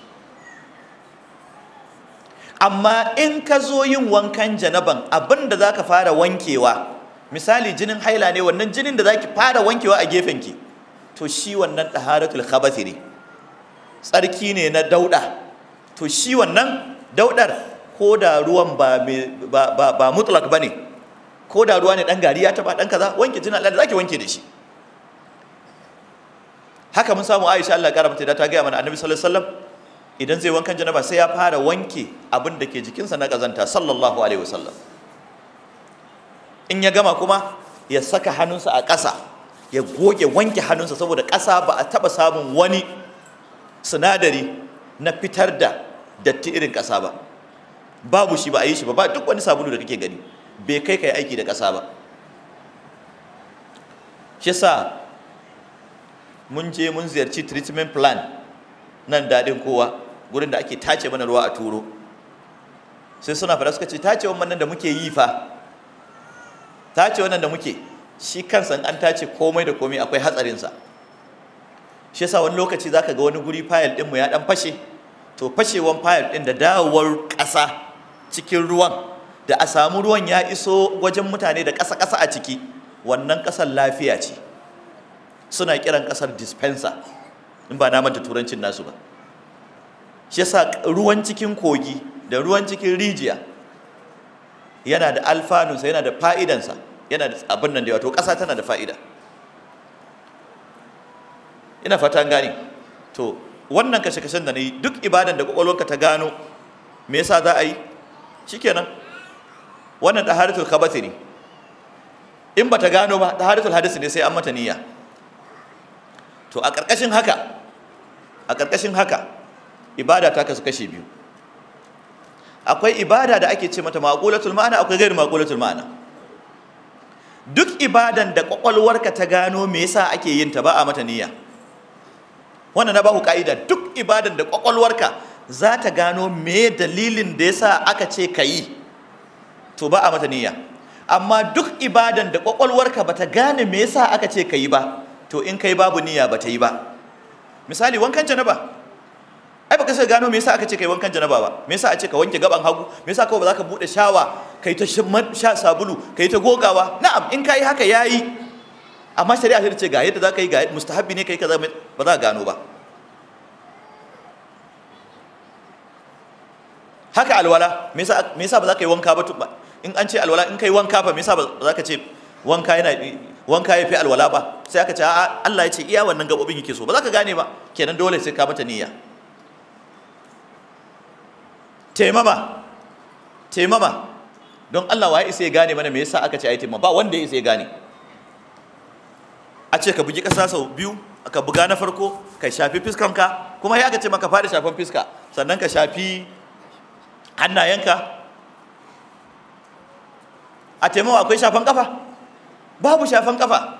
A: amma in ka zo yin wankan janaban abin da za ka fara wankewa misali jinin haila ne wannan jinin da za ki fara wankewa a gefenki to shi wannan ɗaharatul khabathi ne tsarki ne na dauɗa to shi wannan dauɗar ko da ruwan ba, mutlak ba ne ko da ruwa ne ɗan gari ya taɓa ɗan kaza wanke jinin Allah za ki wanke da shi haka mun samu Aisha Allah ya mata da ta gaya mana Annabi sallallahu alaihi wasallam idan zai wankan janaba sai ya fara wanke abin da ke jikinsa na kazanta sallallahu alaihi wasallam in ya gama kuma ya saka hannunsa a ƙasa ya goge wanke hannunsa saboda ƙasa ba a taɓa samun wani sinadari na fitar da datti irin ƙasa ba babu shi ba a yi shi ba ba duk wani sabulu da kake gani bai kai kai aiki da ƙasa ba shi sa mun je mun ziyarci treatment plan nan daɗin kowa gurin da ake tace mana ruwa a turo sai suna fara suka ce tace wannan da muke yi fa tace wannan da muke shi kansa an tace komai da komai akwai hatsarinsa shi yasa wani lokaci zaka ga wani guri fayil ɗinmu ya ɗan fashe to fashewan fayil ɗin da dawowar ƙasa cikin ruwan da a samu ruwan ya iso wajen mutane da ƙasa-ƙasa a ciki wannan ƙasar lafiya ce suna kiran kasar dispenser in ba na manta turancin nasu ba shi yasa ruwan cikin kogi da ruwan cikin rijiya yana da alfanunsa yana da fa'idansa yana da abin nan da wato ƙasa tana da fa'ida ina fatan gani to wannan kashe-kashen da yi duk ibadan da kwakwalwarka ta gano me yasa za a yi shikenan wannan taharatul khabati ne in ta gano ba taharatul hadisi ne sai an mata niyya to a ƙarƙashin haka a ƙarƙashin haka ibada ta kasu kashe biyu akwai ibada da ake ce mata maƙulatul ma'ana akwai gairi maƙulatul ma'ana duk ibadan da ƙwaƙwalwarka ta gano me yasa ake yin ta ba a mata niyya wannan na bahu ka'ida duk ibadan da ƙwaƙwalwarka za ta gano me dalilin da yasa aka ce ka yi to ba a mata niyya amma duk ibadan da ƙwaƙwalwarka ba ta gane me yasa aka ce ka yi ba to in kai babu niyya ba ta yi ba misali wankan janaba ai baka sai gano me yasa aka ce kai wankan janaba ba me yasa a ce ka wanke gaban hagu me yasa kawai ba za ka bude shawa kai ta sha sabulu kai ta gogawa na'am in kai haka yayi amma shari'a ta ce ga yadda za ka yi ga mustahabbi ne kai kaza ba za ka gano ba haka alwala me yasa ba za ka yi wanka ba in an ce alwala in kai wanka fa me yasa ba za ka ce wanka yana wanka ya fi alwala ba sai aka ce a Allah ya ce iya wannan gabobin yake so ba za ka gane ba kenan dole sai ka mata niyya taimama taimama don Allah ya isa ya gane mana me yasa aka ce ayi taimama ba wanda ya isa ya gane a ce ka bugi kasa sau biyu ka buga na farko ka shafi fiskanka kuma ya aka ce maka fara shafan fiska sannan ka shafi hannayenka a taimama akwai shafan kafa babu shafan kafa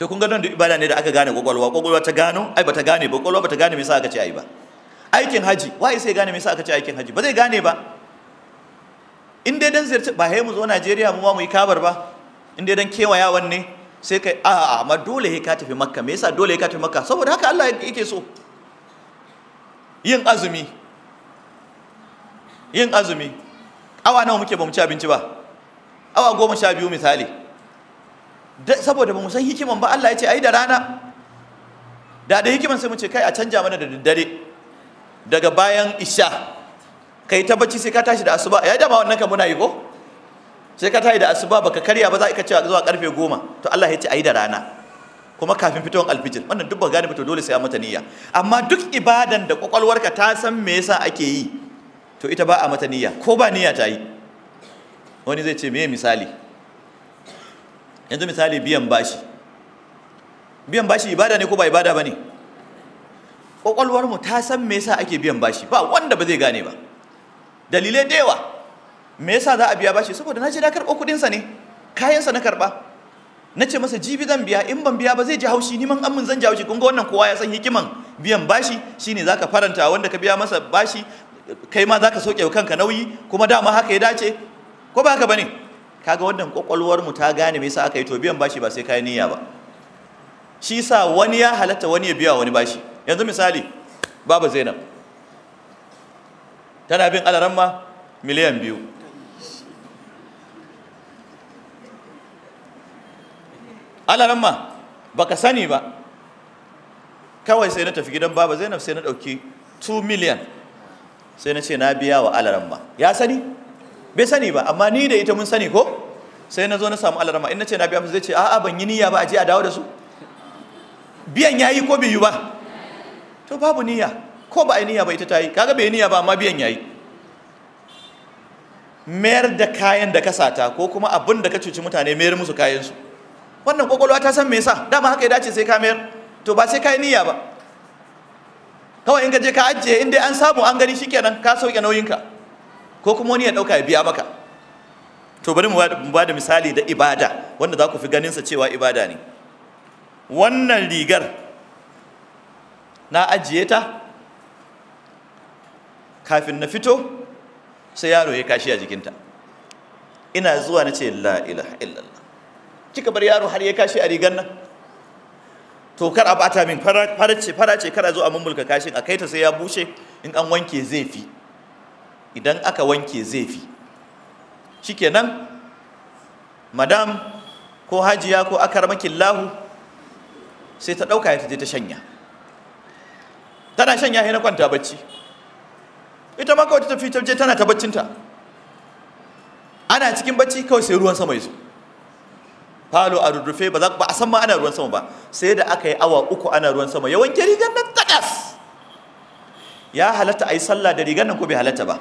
A: to kun gano da ibada ne da aka gane kwakwalwa kwakwalwa ta gano ai ba ta gane ba kwakwalwa ta gane me yasa aka ce ai ba aikin haji wai sai gane me yasa aka ce aikin haji ba zai gane ba in dai dan ziyarci ba mu zo Najeriya mu ba mu yi kabar ba in dai dan kewaya wanne sai kai a a ma dole ka tafi makka me yasa dole ka tafi makka saboda haka Allah yake so yin azumi yin azumi awa nawa muke ba mu ci abinci ba awa goma sha biyu misali saboda ba mu san hikiman ba Allah ya ce ai da rana da da hikiman sai mu ce kai a canja mana da daddare daga bayan isha kai ta bacci sai ka tashi da asuba ya dama wannan kan muna yi ko sai ka tashi da asuba baka karya ba za ka cewa zuwa karfe goma to Allah ya ce ayi da rana kuma kafin fitowar alfijir wannan duk ba gane ba to dole sai ya mata niyya amma duk ibadan da kwakwalwarka ta san me yasa ake yi to ita ba a mata niyya ko ba niyya ta yi wani zai ce meye misali yanzu misali biyan bashi biyan bashi ibada ne ko ba ibada ba ne mu ta san me yasa ake biyan bashi ba wanda ba zai gane ba dalilai da yawa me yasa za a biya bashi saboda na ce na karɓo kuɗinsa ne kayansa na karɓa na ce masa jibi zan biya in ban biya ba zai ji haushi ni man amin zan ji haushi kun ga wannan kowa ya san hikiman biyan bashi shine zaka faranta wanda ka biya masa bashi kai ma zaka soke kanka nauyi kuma dama haka ya dace ko ba haka bane kaga wannan kwakwalwar mu ta gane me yasa aka yi to biyan bashi ba sai kai niyya ba shi sa wani ya halatta wani ya biya wani bashi yanzu misali baba Zainab tana bin ma miliyan biyu ma baka sani ba kawai sai na tafi gidan baba Zainab sai na ɗauki 2 miliyan sai na ce na biya wa alaramma ya sani bai sani ba amma ni da ita mun sani ko sai na zo na samu alaramma in na ce na biya musu zai ce a'a ban yi niyya ba a je a dawo da su biyan ya yi ko bai yi ba to babu niyya ko ba a yi niyya ba ita ta yi kaga bai yi niyya ba amma biyan ya yi mayar da kayan da ka sata ko kuma abin da ka cuci mutane mayar musu kayansu wannan kwakwalwa ta san me yasa dama haka ya dace sai ka mayar to ba sai ka yi niyya ba kawai in ka je ka ajiye in dai an samu an gani shikenan ka sauke nauyinka ko kuma wani ya dauka ya biya maka to bari mu ba da misali da ibada wanda za ku fi ganinsa cewa ibada ne wannan rigar na ajiye ta kafin na fito sai yaro ya kashi a jikinta ina zuwa na ce la ilaha illallah kika bar yaro har ya kashi a rigar nan to kar a bata min farace farace kar a zo a mummulka kashin a kai ta sai ya bushe in an wanke zai fi idan aka wanke zai fi shikenan madam ko hajiya ko akarmakin lahu sai ta dauka ta je ta shanya tana shanya na kwanta bacci ita ma kawai ta tafi ta je tana ta baccinta ana cikin bacci kawai sai ruwan sama ya zo falo a rurrufe ba ba a san ma ana ruwan sama ba sai da aka yi awa uku ana ruwan sama ya wanke rigar nan takas ya halatta a yi sallah da rigar nan ko bai halatta ba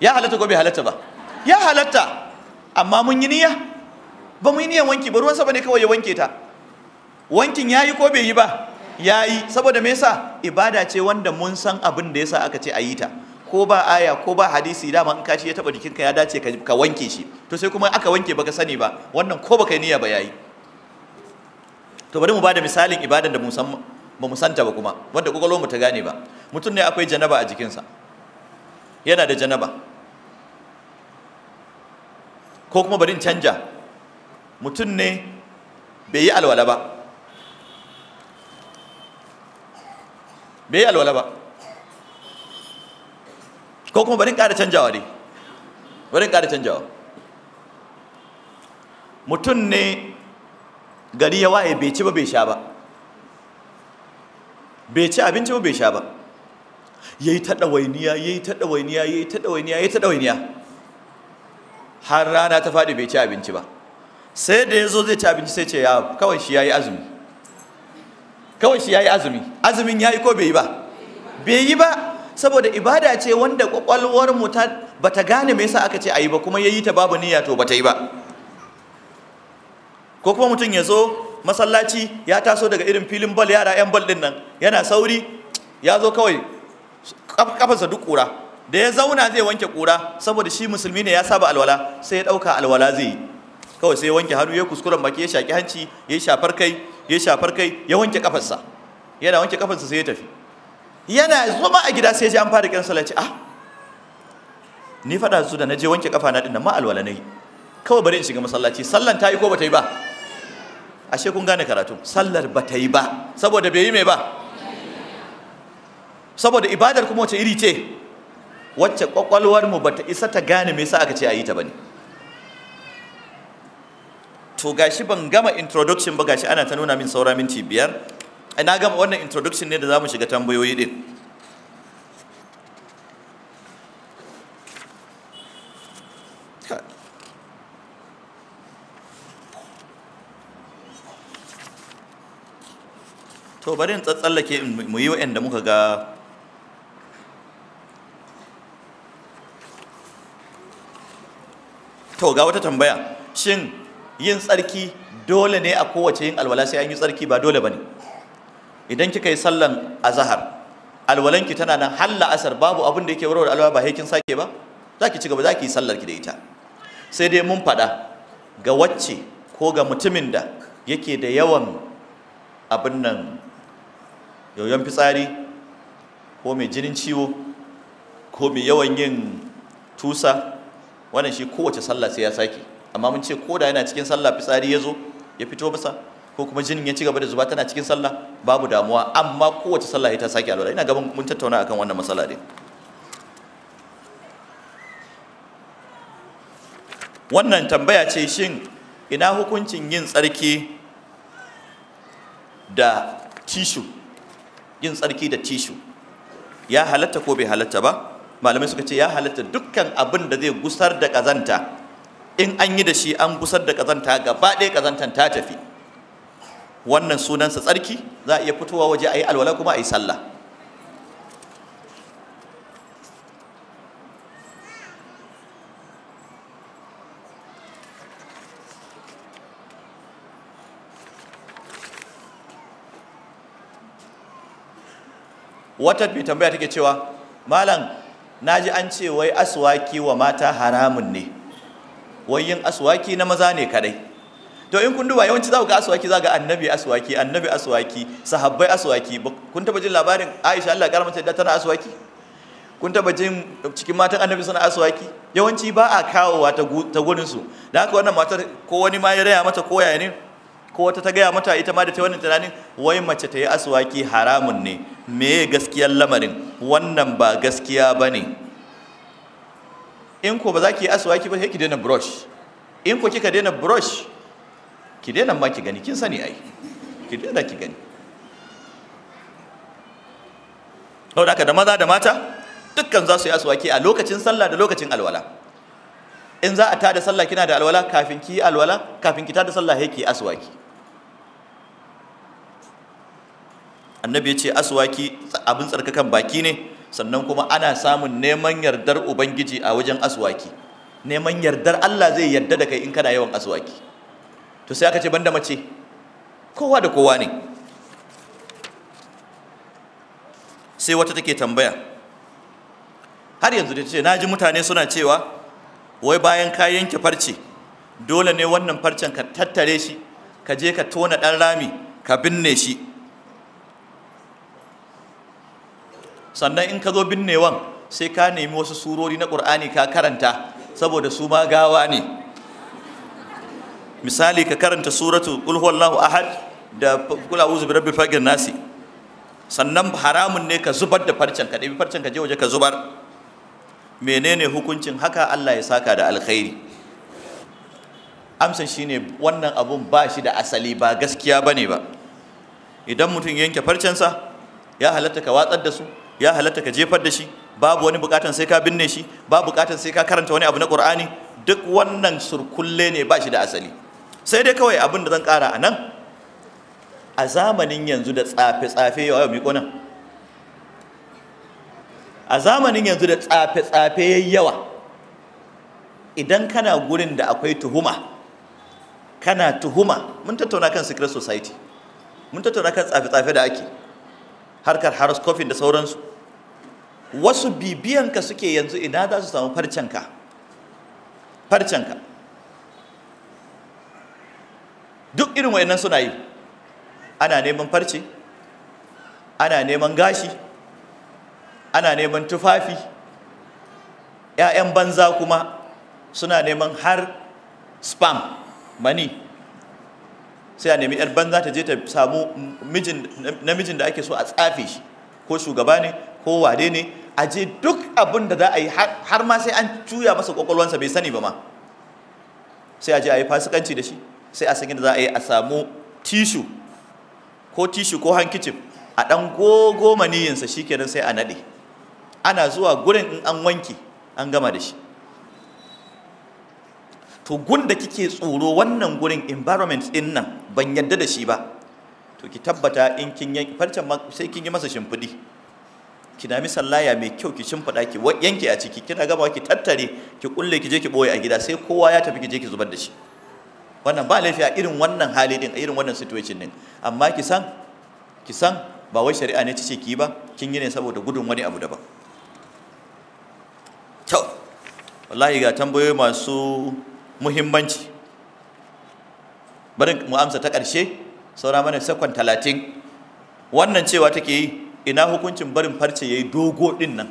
A: ya halatta ko bai halatta ba ya halatta amma mun yi niyya ba mun yi niyyan wanki ba ruwan sama ne kawai ya wanke ta wankin ya yi ko bai yi ba ya yi saboda me yasa ibada ce wanda mun san abin da yasa aka ce a yi ta ko ba aya ko ba hadisi dama in kashi ya taba jikinka ya dace ka wanke shi to sai kuma aka wanke baka sani ba wannan ko baka niyya ba yayi to bari mu bada misalin ibadan da mu san ba mu santa ba kuma wanda kokolo mu ta gane ba mutum ne akwai janaba a jikinsa yana da janaba ko kuma bari canja mutum ne bai yi alwala ba bai yi alwala ba ko kuma bari ƙara canjawa dai bari ƙara canjawa mutum ne gari ya waye bai ci ba bai sha ba bai ci abinci ba bai sha ba yayi ta ɗawainiya yayi ta ɗawainiya yayi ta ɗawainiya yayi ta ɗawainiya har rana ta faɗi bai ci abinci ba sai da ya zo zai ci abinci sai ce ya kawai shi ya yi azumi kawai shi ya yi azumi azumin ya yi ko bai yi ba bai yi ba saboda ibada ce wanda kwakwalwar mu ta bata gane me yasa aka ce ayi ba kuma yayi ta babu niyya to bata yi ba ko kuma mutum ya zo masallaci ya taso daga irin filin bal yara yan bal din nan yana sauri ya zo kawai kafansa duk kura da ya zauna zai wanke kura saboda shi musulmi ne ya saba alwala sai ya dauka alwala zai yi kawai sai ya wanke hannu ya kuskuren baki ya shaki hanci ya shafar kai ya shafar kai ya wanke kafarsa yana wanke kafarsa sai ya tafi yana zuma a gida sai ji an fara kiran salati a ah ni fada su da naje wanke kafa na din nan ma alwala nayi kawai bari in shiga masallaci sallan ta yi ko bata yi ba ashe kun gane karatu sallar bata yi ba saboda bai yi mai ba saboda ibadar kuma wace iri ce wacce kwakwalwar mu bata isa ta gane me yasa aka ce ayi yi ta bane to gashi ban gama introduction ba gashi ana ta nuna min saura minti biyar Eh, na gama wannan introduction ne da za mu shiga tambayoyi din to bari in tsatsallake mu yi wa'anda muka ga to ga wata tambaya shin yin tsarki dole ne a kowace yin alwala sai an yi tsarki ba dole ba ne idan kika yi sallan azhar alwalanki tana nan har asar babu abin da yake warware alwa ba haikin sake ba zaki ci gaba zaki yi sallar ki da ita sai dai mun faɗa ga wacce ko ga mutumin da yake da yawan abin nan yoyon fitsari ko mai jinin ciwo ko mai yawan yin tusa wannan shi kowace sallah sai ya sake amma mun ce ko da yana cikin sallah fitsari ya zo ya fito masa ko kuma jinin ya ci gaba da zuba tana cikin sallah babu damuwa amma kowace sallah ta sake alwala ina gaban mun tattauna akan wannan matsala din wannan tambaya ce shin ina hukuncin yin tsarki da tishu yin tsarki da tishu ya halatta ko bai halatta ba malamai suka ce ya halatta dukkan abin da zai gusar da kazanta in an yi da shi an gusar da kazanta gaba ɗaya kazantan ta tafi wannan sunansa tsarki za a iya fitowa waje a yi alwala kuma a yi sallah wata mai tambaya take cewa malam na ji an ce wai aswaki wa mata haramun ne wai yin aswaki na maza ne kadai to in kun duba yawanci za ku ga aswaki za ga annabi aswaki annabi aswaki sahabbai aswaki kun taba jin labarin Aisha Allah ya kara mata da tana aswaki kun taba jin cikin matan annabi suna aswaki yawanci ba a kawowa ta gurin su da haka wannan matar ko wani ma ya raya mata ko ne ko wata ta gaya mata ita ma da ta wannan tunanin wai mace ta yi aswaki haramun ne me gaskiyar lamarin wannan ba gaskiya ba ne in ko ba za ki yi aswaki ba sai ki daina brush in ko kika daina brush ki daina ma ki gani kin sani ai ki daina ki gani don haka da maza da mata dukkan za su yi aswaki a lokacin sallah da lokacin alwala in za a tada sallah kina da alwala kafin ki alwala kafin ki tada sallah yake aswaki annabi ya ce aswaki abin tsarkakan baki ne sannan kuma ana samun neman yardar ubangiji a wajen aswaki neman yardar Allah zai yarda da kai in kana yawan aswaki to sai aka ce banda mace kowa da kowa ne sai wata take tambaya har yanzu da ce na ji mutane suna cewa wai bayan ka yanke farce dole ne wannan farcen ka tattare shi ka je ka tona ɗan rami ka binne shi sannan in ka zo binnewan sai ka nemi wasu surori na ƙur'ani ka karanta saboda su ma gawa ne misali ka karanta suratu qul huwallahu ahad da qul a'udhu rabbil falaq nasi sannan haramun ne ka zubar da farcen ka ɗabi farcen ka je waje ka zubar menene hukuncin haka Allah ya saka da alkhairi amsan shine wannan abun ba shi da asali ba gaskiya bane ba idan mutum yanke farcensa ya halatta ka watsar da su ya halatta ka jefar da shi babu wani bukatan sai ka binne shi babu bukatan sai ka karanta wani abu na qur'ani duk wannan surkulle ne ba shi da asali sai dai kawai abin da zan kara a nan a zamanin yanzu da tsafe-tsafe yau miko nan a zamanin yanzu da tsafe-tsafe yawa idan kana gurin da akwai tuhuma kana tuhuma mun tattauna kan secret society mun tattauna kan tsafe-tsafe da ake harkar horoscopy da sauransu wasu bibiyanka suke yanzu ina za su samu farcenka farcenka duk irin wayannan suna yi ana neman farce ana neman gashi ana neman tufafi ‘ya'yan banza kuma suna neman har spam mani sai a nemi ‘yar banza ta je ta samu namijin da ake so a tsafi shi ko shugaba ne ko wade ne a je duk abin da za a yi har ma sai an cuya masa kwakwalwansa bai sani ba ma sai a je a yi fasikanci da shi sai a sanya da za a yi a samu tishu ko tishu ko hankicin a ɗan gogo maniyinsa shi kenan sai a naɗe ana zuwa gurin in an wanke an gama da shi to gun da kike tsoro wannan gurin environment ɗin nan ban yadda da shi ba to ki tabbata in kin yanki farcen sai kin yi masa shimfiɗi ki nami sallaya mai kyau ki shimfiɗa ki yanke a ciki kina gama ki tattare ki kulle ki je ki ɓoye a gida sai kowa ya tafi ki je ki zubar da shi wannan ba laifi a irin wannan hali din a irin wannan situation din amma ki san ki san ba wai shari'a ne ce ki ba kin yi ne saboda gudun wani abu daban to wallahi ga tambayoyi masu muhimmanci bari mu amsa ta ƙarshe saura mana sakon talatin wannan cewa take yi ina hukuncin barin farce ya yi dogo din nan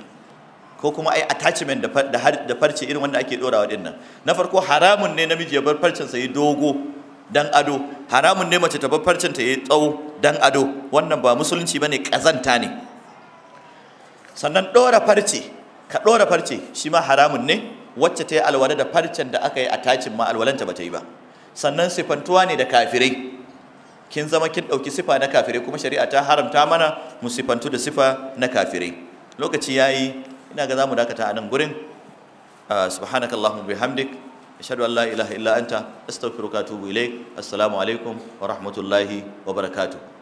A: ko kuma ai attachment da farce irin wanda ake dorawa din nan na farko haramun ne namiji ya bar farcen sa yi dogo dan ado haramun ne mace ta bar farcen ta yi tsawo dan ado wannan ba musulunci bane kazanta ne sannan dora farce ka dora farce shi ma haramun ne wacce ta yi alwala da farcen da aka yi attachment ma alwalanta ba ta yi ba sannan sifantuwa ne da kafirai kin zama kin ɗauki sifa na kafirai kuma shari'a ta haramta mana mu sifantu da sifa na kafirai lokaci yayi ina ga zamu dakata a nan gurin ah, subhanakallahumma bihamdik ashhadu an la ilaha illa anta astaghfiruka wa atubu ilaik assalamu alaikum wa rahmatullahi wa barakatuh